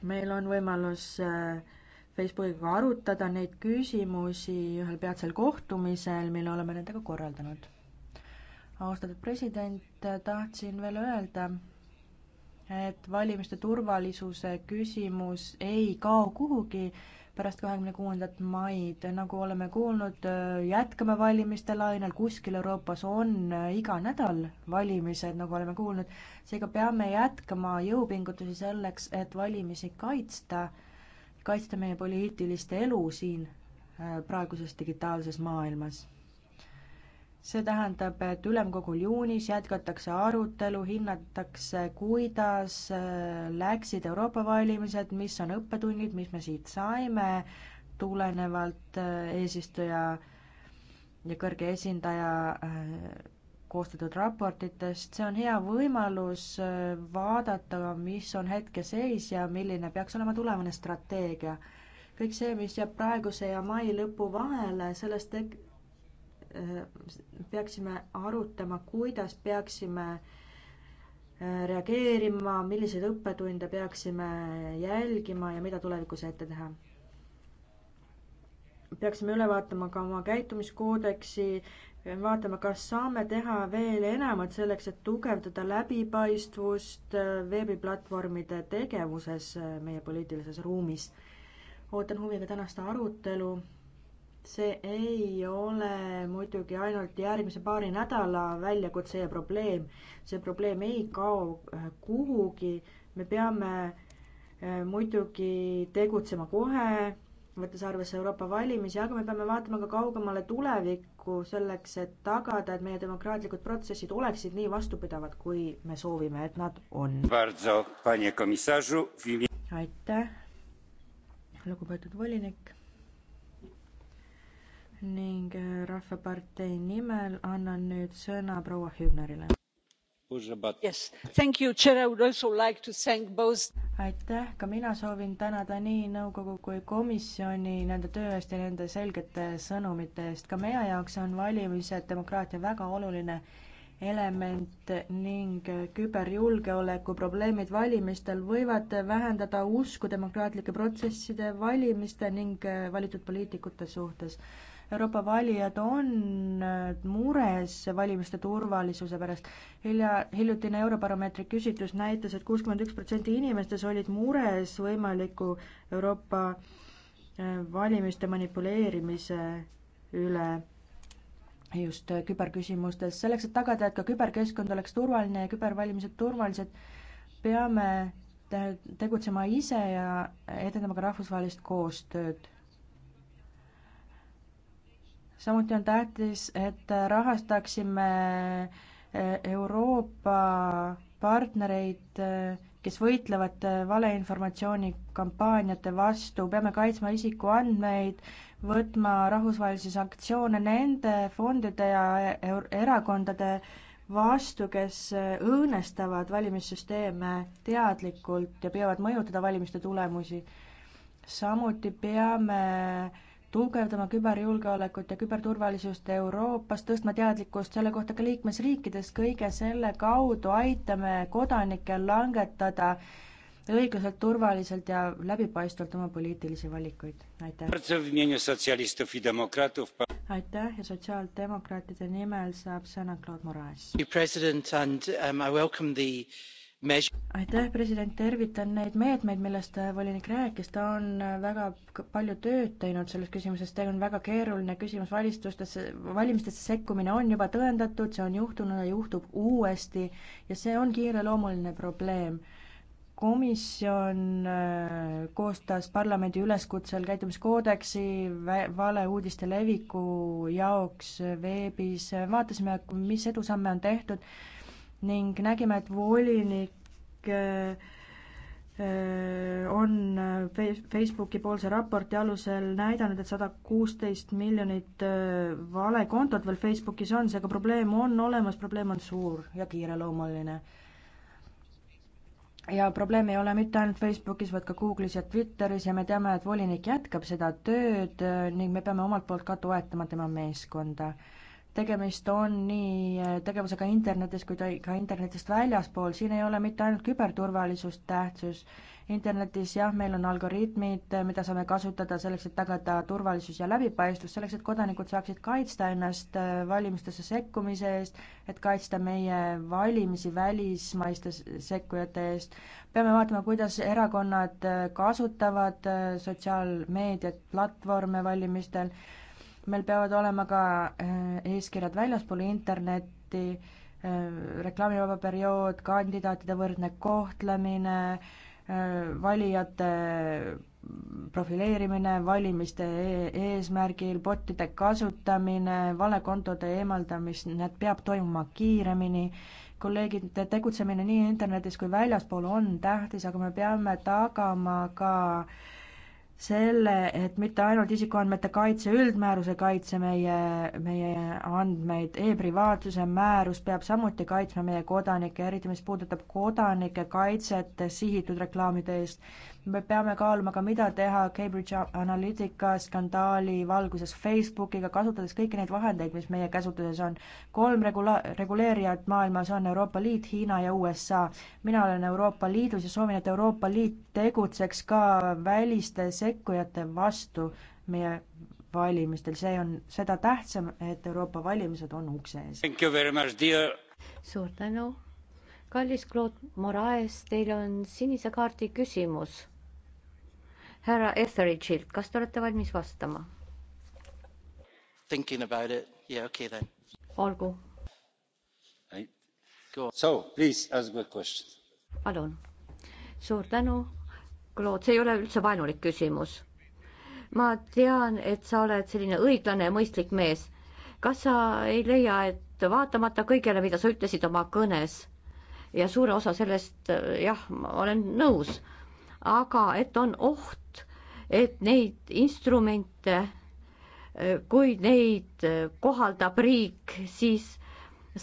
meil on võimalus eh, Facebookiga arutada neid küsimusi ühel peatsel kohtumisel, mille oleme nendega korraldanud. austatud president, tahtsin veel öelda et valimiste turvalisuse küsimus ei kao kuhugi pärast kahekümne kuuendat maid, nagu oleme kuulnud, jätkame valimiste lainel, kuskil Euroopas on iga nädal valimised, nagu oleme kuulnud, seega peame jätkama jõupingutusi selleks, et valimisi kaitsta, kaitsta meie poliitilist elu siin äh, praeguses digitaalses maailmas see tähendab, et ülemkogul juunis jätkatakse arutelu, hinnatakse, kuidas äh, läksid Euroopa valimised, mis on õppetunnid, mis me siit saime tulenevalt äh, eesistuja ja kõrge esindaja äh, koostatud raportitest, see on hea võimalus vaadata, mis on hetkeseis ja milline peaks olema tulevane strateegia. kõik see, mis jääb praeguse ja mai lõpu vahele, sellest tek-, Äh, peaksime arutama, kuidas peaksime äh, reageerima, milliseid õppetunde peaksime jälgima ja mida tulevikus ette teha. peaksime üle vaatama ka oma käitumiskoodeksi, vaatama, kas saame teha veel enamat selleks, et tugevdada läbipaistvust äh, veebiplatvormide tegevuses meie poliitilises ruumis. ootan huviga tänast arutelu see ei ole muidugi ainult järgmise paari nädala väljakutse ja probleem, see probleem ei kao äh, kuhugi, me peame äh, muidugi tegutsema kohe, võttes arvesse Euroopa valimisi, aga me peame vaatama ka kaugemale tulevikku selleks, et tagada, et meie demokraatlikud protsessid oleksid nii vastupidavad, kui me soovime, et nad on. aitäh, lugupeetud volinik ning äh, Rahvapartei nimel annan nüüd sõna proua Hübnerile. Yes. Like aitäh, ka mina soovin tänada nii nõukogu kui komisjoni nende töö eest ja nende selgete sõnumite eest. ka meie jaoks on valimised demokraatia väga oluline element ning äh, küberjulgeoleku probleemid valimistel võivad vähendada usku demokraatlike protsesside valimiste ning äh, valitud poliitikute suhtes Euroopa valijad on äh, mures valimiste turvalisuse pärast. hilja, hiljutine Eurobaromeetri küsitlus näitas et, et kuuskümmend üks protsenti inimestes olid mures võimaliku Euroopa äh, valimiste manipuleerimise üle just äh, küberküsimustes, selleks, et tagada, et ka küberkeskkond oleks turvaline ja kübervalimised turvalised, peame tegutsema ise ja edendama ka rahvusvahelist koostööd samuti on tähtis, et rahastaksime e, Euroopa partnereid, e, kes võitlevad e, valeinformatsiooni kampaaniate vastu, peame kaitsma isikuandmeid, võtma rahvusvahelisi sanktsioone nende fondide ja erakondade vastu, kes õõnestavad valimissüsteeme teadlikult ja püüavad mõjutada valimiste tulemusi. samuti peame tugevdama küberjulgeolekut ja küberturvalisust Euroopas, tõstma teadlikkust selle kohta ka liikmesriikides, kõige selle kaudu aitame kodanikel langetada õiglaselt, turvaliselt ja läbipaistvalt oma poliitilisi valikuid. aitäh. aitäh ja sotsiaaldemokraatide nimel saab sõna Claude Moraes aitäh, president, tervitan neid meetmeid, millest äh, volinik rääkis, ta on äh, väga palju tööd teinud selles küsimuses, tegu on väga keeruline küsimus, valistustesse, valimistesse sekkumine on juba tõendatud, see on juhtunud ja juhtub uuesti ja see on kiireloomuline probleem komisjon äh, koostas parlamendi üleskutsel käitumiskoodeksi valeuudiste leviku jaoks veebis, vaatasime, mis edusamme on tehtud ning nägime, et volinik äh, äh, on äh, Facebooki poolse raporti alusel näidanud, et sada kuusteist miljonit valekontot veel Facebookis on, seega probleem on olemas, probleem on suur ja kiireloomuline. ja probleem ei ole mitte ainult Facebookis, vaid ka Google'is ja Twitteris ja me teame, et volinik jätkab seda tööd ning me peame omalt poolt ka toetama tema meeskonda tegemist on nii äh, tegevusega internetis kui ka internetist väljaspool, siin ei ole mitte ainult küberturvalisust tähtsus. internetis jah, meil on algoritmid, äh, mida saame kasutada selleks, et tagada turvalisus ja läbipaistvus, selleks, et kodanikud saaksid kaitsta ennast äh, valimistesse sekkumise eest, et kaitsta meie valimisi välismaiste sekkujate eest. peame vaatama, kuidas erakonnad kasutavad sotsiaalmeediat, platvorme valimistel meil peavad olema ka äh, eeskirjad väljaspool internetti, äh, reklaamivaba periood, kandidaatide võrdne kohtlemine, äh, valijate profileerimine valimiste e-, eesmärgil, bottide kasutamine, valekontode eemaldamine, need peab toimuma kiiremini. kolleegid, tegutsemine nii internetis kui väljaspool on tähtis, aga me peame tagama ka äh, selle, et mitte ainult isikuandmete kaitse üldmääruse kaitse meie, meie andmeid e, e-privaatsuse määrus peab samuti kaitsma meie kodanikke, eriti mis puudutab kodanike kaitset sihitud reklaamide eest me peame kaaluma ka, mida teha Cambridge Analytica skandaali valguses Facebookiga, kasutades kõiki neid vahendeid, mis meie käsutuses on. kolm regula-, reguleerijat maailmas on Euroopa Liit, Hiina ja USA. mina olen Euroopa Liidus ja soovin, et Euroopa Liit tegutseks ka väliste sekkujate vastu meie valimistel, see on seda tähtsam, et Euroopa valimised on ukse ees. suur tänu kallis Claude Moraes, teil on sinise kaardi küsimus härra Etheridge'ilt, kas te olete valmis vastama? Thinking about it, yeah okay then. olgu. So please ask the question. palun, suur tänu, Claude, see ei ole üldse vaenulik küsimus. ma tean, et sa oled selline õiglane ja mõistlik mees. kas sa ei leia, et vaatamata kõigele, mida sa ütlesid oma kõnes ja suure osa sellest jah, ma olen nõus, aga et on oht, et neid instrumente, kui neid kohaldab riik, siis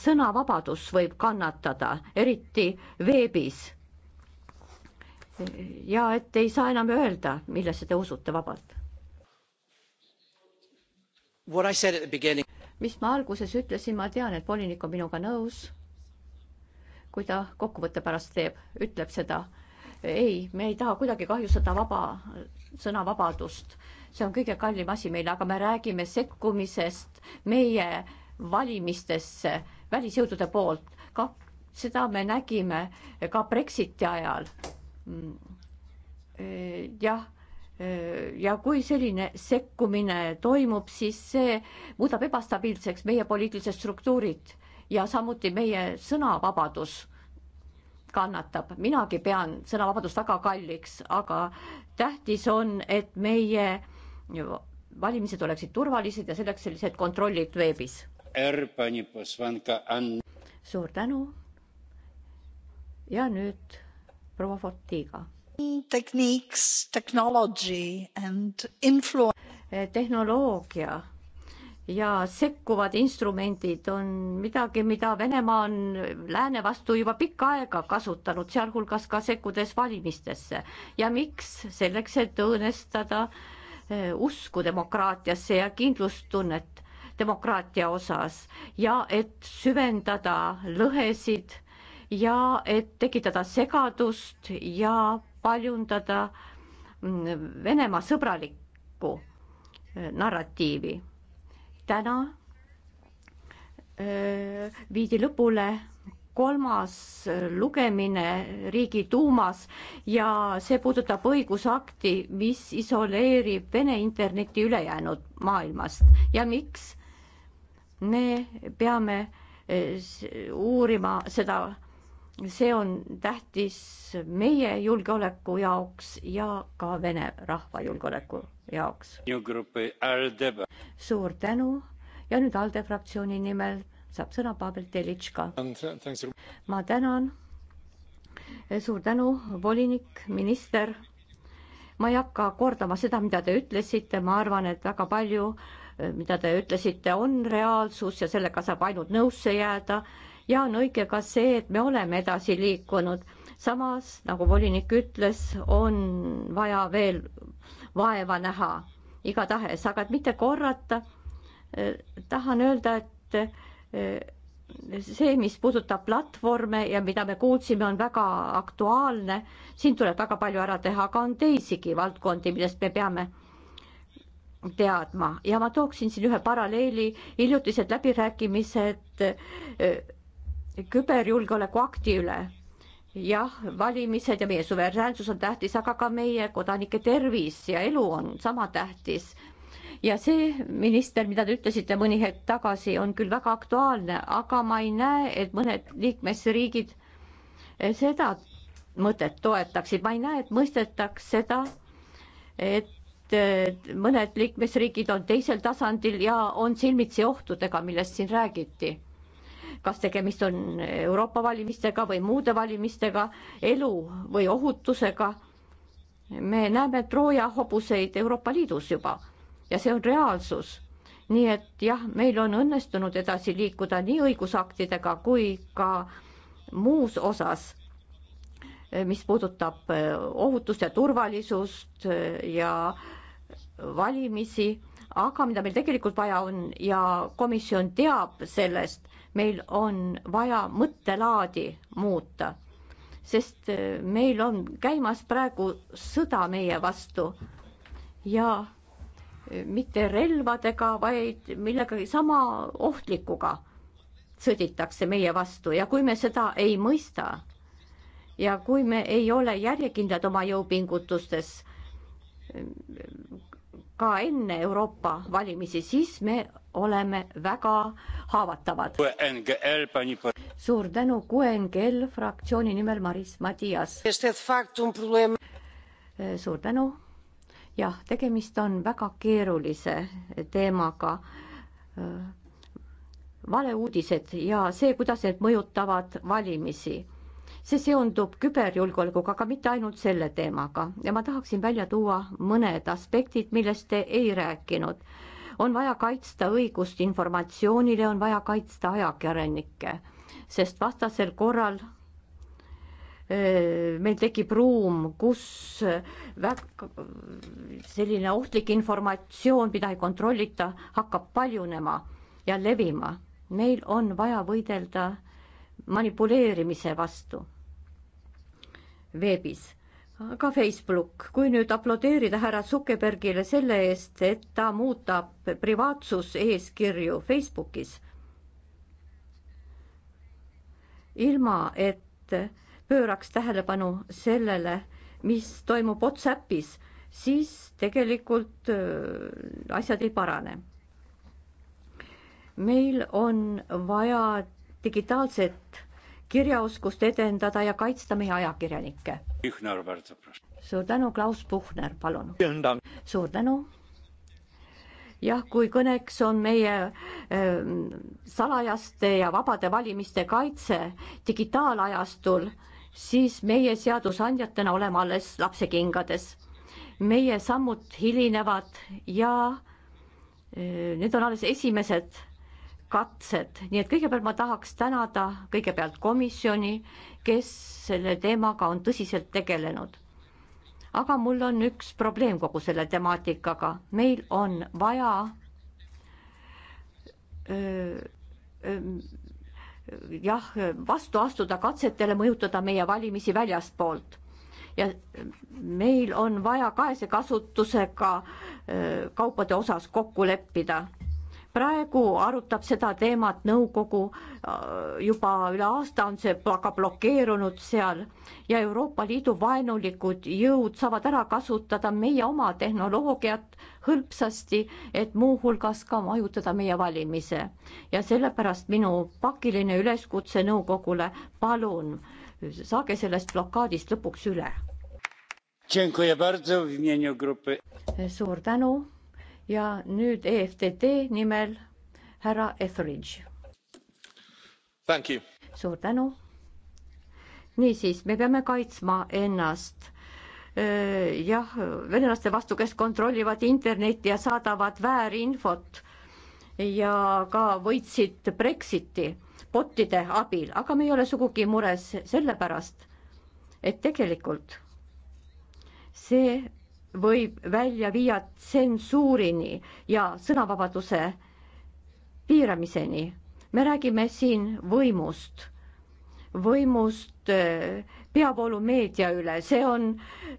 sõnavabadus võib kannatada, eriti veebis. ja et ei saa enam öelda, millesse te usute vabalt. mis ma alguses ütlesin, ma tean, et volinik on minuga nõus. kui ta kokkuvõtte pärast teeb, ütleb seda ei, me ei taha kuidagi kahjustada vaba, sõnavabadust. see on kõige kallim asi meile, aga me räägime sekkumisest meie valimistesse välisjõudude poolt. ka seda me nägime ka Brexiti ajal. Mm. Äh, jah äh, ja kui selline sekkumine toimub, siis see muudab ebastabiilseks meie poliitilised struktuurid ja samuti meie sõnavabadus kannatab, minagi pean sõnavabadust väga kalliks, aga tähtis on, et meie valimised oleksid turvalised ja selleks sellised kontrollid veebis. suur tänu. ja nüüd proua Fortiga. Techniques, technology and influence. tehnoloogia ja sekkuvad instrumendid on midagi, mida Venemaa on lääne vastu juba pikka aega kasutanud, sealhulgas ka sekkudes valimistesse. ja miks? selleks, et õõnestada eh, usku demokraatiasse ja kindlustunnet demokraatia osas ja et süvendada lõhesid ja et tekitada segadust ja paljundada mm, Venemaa sõbralikku eh, narratiivi täna viidi lõpule kolmas lugemine Riigiduumas ja see puudutab õigusakti, mis isoleerib Vene interneti ülejäänud maailmast ja miks me peame uurima seda, see on tähtis meie julgeoleku jaoks ja ka Vene rahva julgeoleku jaoks. suur tänu ja nüüd ALDE fraktsiooni nimel saab sõna Pavel Telitška. ma tänan. suur tänu, volinik, minister. ma ei hakka kordama seda, mida te ütlesite, ma arvan, et väga palju, eh, mida te ütlesite, on reaalsus ja sellega saab ainult nõusse jääda ja on õige ka see, et me oleme edasi liikunud samas, nagu volinik ütles, on vaja veel vaeva näha igatahes, aga et mitte korrata, eh, tahan öelda, et eh, see, mis puudutab platvorme ja mida me kuulsime, on väga aktuaalne. siin tuleb väga palju ära teha, aga on teisigi valdkondi, millest me peame teadma ja ma tooksin siin ühe paralleeli, hiljutised läbirääkimised eh, küberjulgeoleku akti üle jah, valimised ja meie suveräänsus on tähtis, aga ka meie kodanike tervis ja elu on sama tähtis. ja see minister, mida te ütlesite mõni hetk tagasi, on küll väga aktuaalne, aga ma ei näe, et mõned liikmesriigid seda mõtet toetaksid, ma ei näe, et mõistetaks seda, et mõned liikmesriigid on teisel tasandil ja on silmitsi ohtudega, millest siin räägiti kas tegemist on Euroopa valimistega või muude valimistega, elu või ohutusega. me näeme Trooja hobuseid Euroopa Liidus juba ja see on reaalsus. nii et jah, meil on õnnestunud edasi liikuda nii õigusaktidega kui ka muus osas, mis puudutab äh, ohutust ja turvalisust äh, ja valimisi, aga mida meil tegelikult vaja on ja komisjon teab sellest meil on vaja mõttelaadi muuta, sest äh, meil on käimas praegu sõda meie vastu ja äh, mitte relvadega, vaid millegagi sama ohtlikuga sõditakse meie vastu ja kui me seda ei mõista ja kui me ei ole järjekindlad oma jõupingutustes, äh, ka enne Euroopa valimisi, siis me oleme väga haavatavad. suur tänu, QNGL fraktsiooni nimel Maris Madias. Eh, suur tänu. jah, tegemist on väga keerulise teemaga eh, valeuudised ja see, kuidas need mõjutavad valimisi see seondub küberjulgeolekuga, aga mitte ainult selle teemaga ja ma tahaksin välja tuua mõned aspektid, millest te ei rääkinud. on vaja kaitsta õigust informatsioonile, on vaja kaitsta ajakirjanikke, sest vastasel korral äh, meil tekib ruum, kus äh, väga selline ohtlik informatsioon, mida ei kontrollita, hakkab paljunema ja levima. meil on vaja võidelda manipuleerimise vastu veebis ka Facebook, kui nüüd aplodeerida härra Zuckerbergile selle eest, et ta muudab privaatsuseeskirju Facebookis, ilma et pööraks tähelepanu sellele, mis toimub Whatsappis, siis tegelikult äh, asjad ei parane. meil on vaja digitaalset kirjaoskust edendada ja kaitsta meie ajakirjanikke. suur tänu, Klaus Puhner, palun. suur tänu. jah, kui kõneks on meie äh, salajaste ja vabade valimiste kaitse digitaalajastul, siis meie seadusandjatena oleme alles lapsekingades. meie sammud hilinevad ja äh, need on alles esimesed katsed, nii et kõigepealt ma tahaks tänada kõigepealt komisjoni, kes selle teemaga on tõsiselt tegelenud. aga mul on üks probleem kogu selle temaatikaga, meil on vaja öö, öö, jah, vastu astuda katsetele mõjutada meie valimisi väljastpoolt ja meil on vaja kaesekasutusega öö, kaupade osas kokku leppida praegu arutab seda teemat nõukogu äh, juba üle aasta on see aga blokeerunud seal ja Euroopa Liidu vaenulikud jõud saavad ära kasutada meie oma tehnoloogiat hõlpsasti, et muuhulgas ka mõjutada meie valimise. ja sellepärast minu pakiline üleskutse nõukogule, palun saage sellest blokaadist lõpuks üle. suur tänu ja nüüd EFTT nimel härra Etheridge. suur tänu. niisiis, me peame kaitsma ennast jah, venelaste vastu, kes kontrollivad internetti ja saadavad väärinfot ja ka võitsid Brexiti bottide abil, aga me ei ole sugugi mures sellepärast, et tegelikult see võib välja viia tsensuurini ja sõnavabaduse piiramiseni. me räägime siin võimust, võimust äh, peavoolumeedia üle, see on,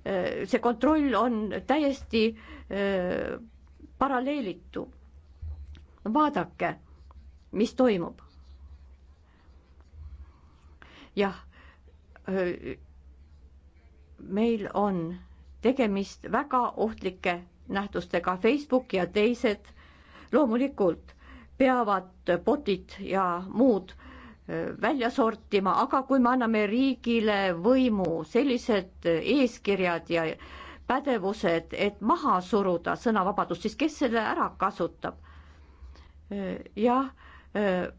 äh, see kontroll on täiesti äh, paralleelitu. vaadake, mis toimub. jah, meil on tegemist väga ohtlike nähtustega. Facebook ja teised loomulikult peavad botid ja muud äh, välja sortima, aga kui me anname riigile võimu sellised eeskirjad ja pädevused, et maha suruda sõnavabadust, siis kes selle ära kasutab? Äh, jah, äh,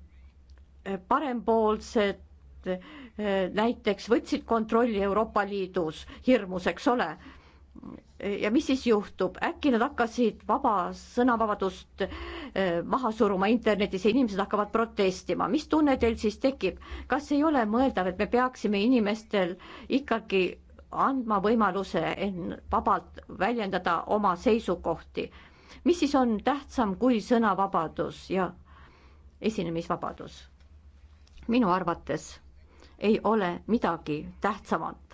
parempoolsed näiteks võtsid kontrolli Euroopa Liidus hirmus, eks ole ja mis siis juhtub, äkki nad hakkasid vaba sõnavabadust eh, maha suruma internetis ja inimesed hakkavad protestima, mis tunne teil siis tekib, kas ei ole mõeldav, et me peaksime inimestel ikkagi andma võimaluse vabalt väljendada oma seisukohti, mis siis on tähtsam kui sõnavabadus ja esinemisvabadus? minu arvates ei ole midagi tähtsamat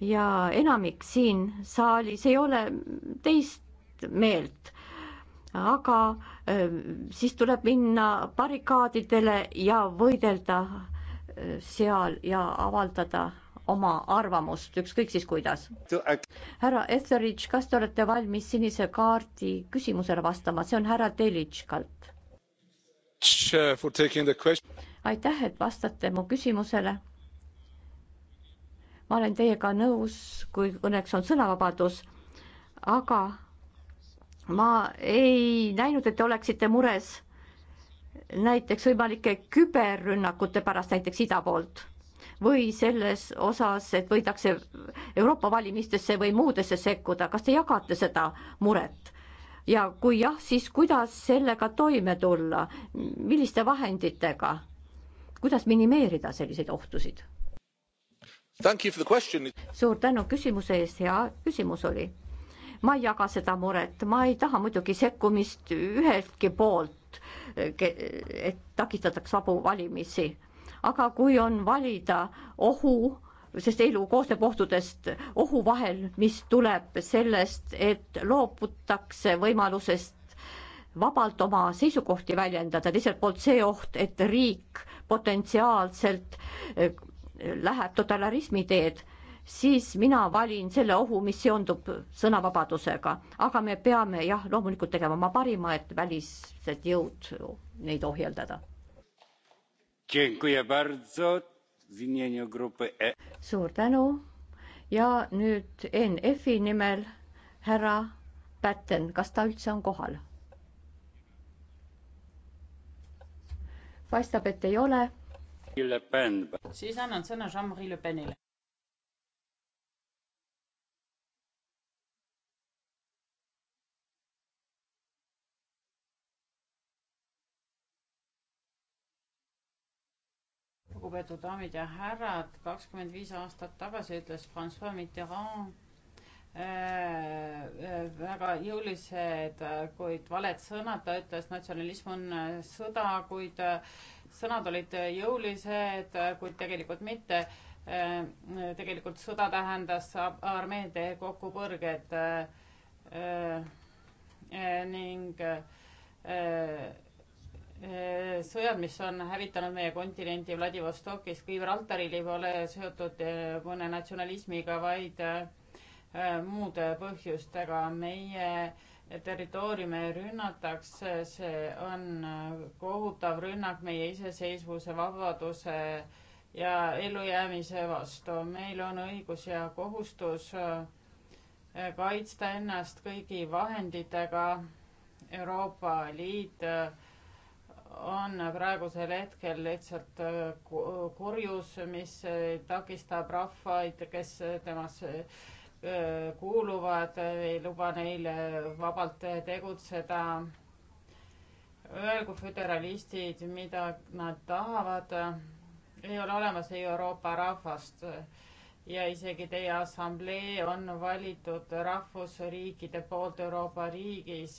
ja enamik siin saalis ei ole teist meelt. aga siis tuleb minna barrikaadidele ja võidelda seal ja avaldada oma arvamust, ükskõik siis kuidas. härra Etheridge, kas te olete valmis sinise kaardi küsimusele vastama, see on härra Telitškalt. aitäh, et vastate mu küsimusele ma olen teiega nõus, kui õnneks on sõnavabadus, aga ma ei näinud, et te oleksite mures näiteks võimalike küberrünnakute pärast näiteks ida poolt või selles osas, et võidakse Euroopa valimistesse või muudesse sekkuda, kas te jagate seda muret? ja kui jah, siis kuidas sellega toime tulla, milliste vahenditega, kuidas minimeerida selliseid ohtusid? suur tänu küsimuse eest, hea küsimus oli. ma ei jaga seda muret, ma ei taha muidugi sekkumist üheltki poolt, et takistataks vabu valimisi. aga kui on valida ohu, sest elu koosneb ohtudest, ohu vahel, mis tuleb sellest, et loobutakse võimalusest vabalt oma seisukohti väljendada, teiselt poolt see oht, et riik potentsiaalselt läheb totalitarismi teed, siis mina valin selle ohu, mis seondub sõnavabadusega, aga me peame jah, loomulikult tegema oma parima, et välised jõud neid ohjeldada. E. suur tänu ja nüüd NF-i nimel härra Patten, kas ta üldse on kohal? paistab, et ei ole siis annan sõna Jean-Marie Le Penile. lugupeetud daamid ja härrad, kakskümmend viis aastat tagasi ütles Francois Mitterrand äh, äh, väga jõulised, äh, kuid valed sõnad, ta ütles, natsionalism on äh, sõda, kuid äh, sõnad olid jõulised, kuid tegelikult mitte. tegelikult sõda tähendas armeede kokkupõrged ning sõjad, mis on hävitanud meie kontinenti Vladivostokis, Gibraltaril ei ole seotud mõne natsionalismiga, vaid muude põhjustega. meie territooriume rünnatakse, see on äh, kohutav rünnak meie iseseisvuse, vabaduse ja ellujäämise vastu. meil on õigus ja kohustus äh, kaitsta ennast kõigi vahenditega. Euroopa Liit äh, on praegusel hetkel lihtsalt kurjus, mis takistab rahvaid, kes temasse kuuluvad, ei luba neil vabalt tegutseda. Öelgu föderalistid, mida nad tahavad. ei ole olemas ei Euroopa rahvast ja isegi teie assamblee on valitud rahvusriikide poolt Euroopa riigis.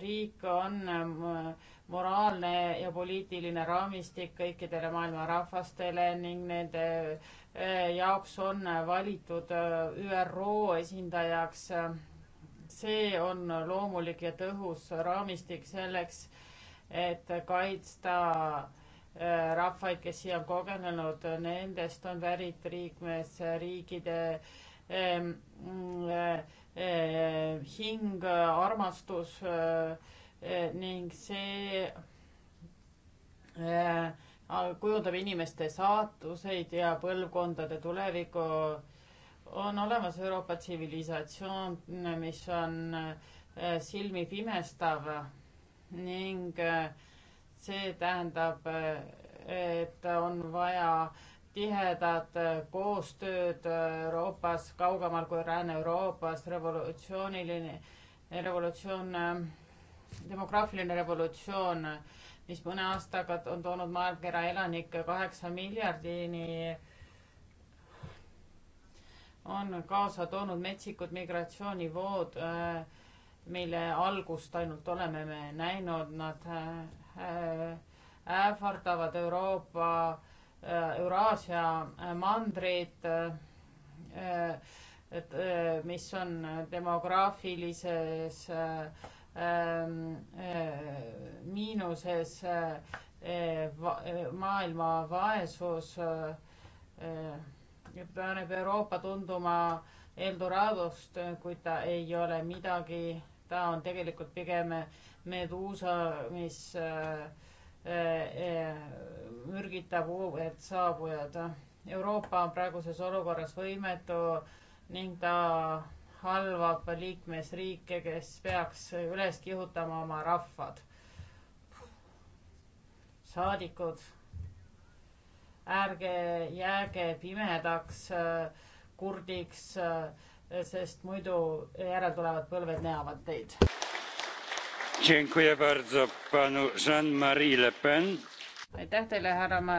riik on moraalne ja poliitiline raamistik kõikidele maailma rahvastele ning nende eh, jaoks on eh, valitud eh, ÜRO esindajaks. see on loomulik ja tõhus raamistik selleks, et kaitsta rahvaid, kes siia on kogenenud, nendest on pärit liikmesriigide mm, hing, armastus äh, Eh, ning see eh, kujundab inimeste saatuseid ja põlvkondade tulevikku. on olemas Euroopa tsivilisatsioon, mis on eh, silmi pimestav ning see tähendab, et on vaja tihedat koostööd Euroopas, kaugemal kui Lääne-Euroopas, revolutsiooniline, revolutsioon demograafiline revolutsioon, mis mõne aastaga on toonud maailmakera elanikke kaheksa miljardini, on kaasa toonud metsikud migratsioonivood, mille algust ainult oleme me näinud, nad äh, ähvardavad Euroopa, äh, Euraasia äh, mandrit et mis on demograafilises Ehm, eh, miinuses eh, eh, maailma vaesus paneb Euroopa tunduma Eldoradost, kuid ta ei ole midagi, ta on tegelikult pigem meduusa, mis mürgitab uued saabujad. Euroopa on praeguses olukorras võimetu ning ta halvab liikmesriike, kes peaks üles kihutama oma rahvad. saadikud, ärge jääge pimedaks äh, kurdiks, äh, sest muidu järeltulevad põlved näevad teid. aitäh teile, härra Ma-.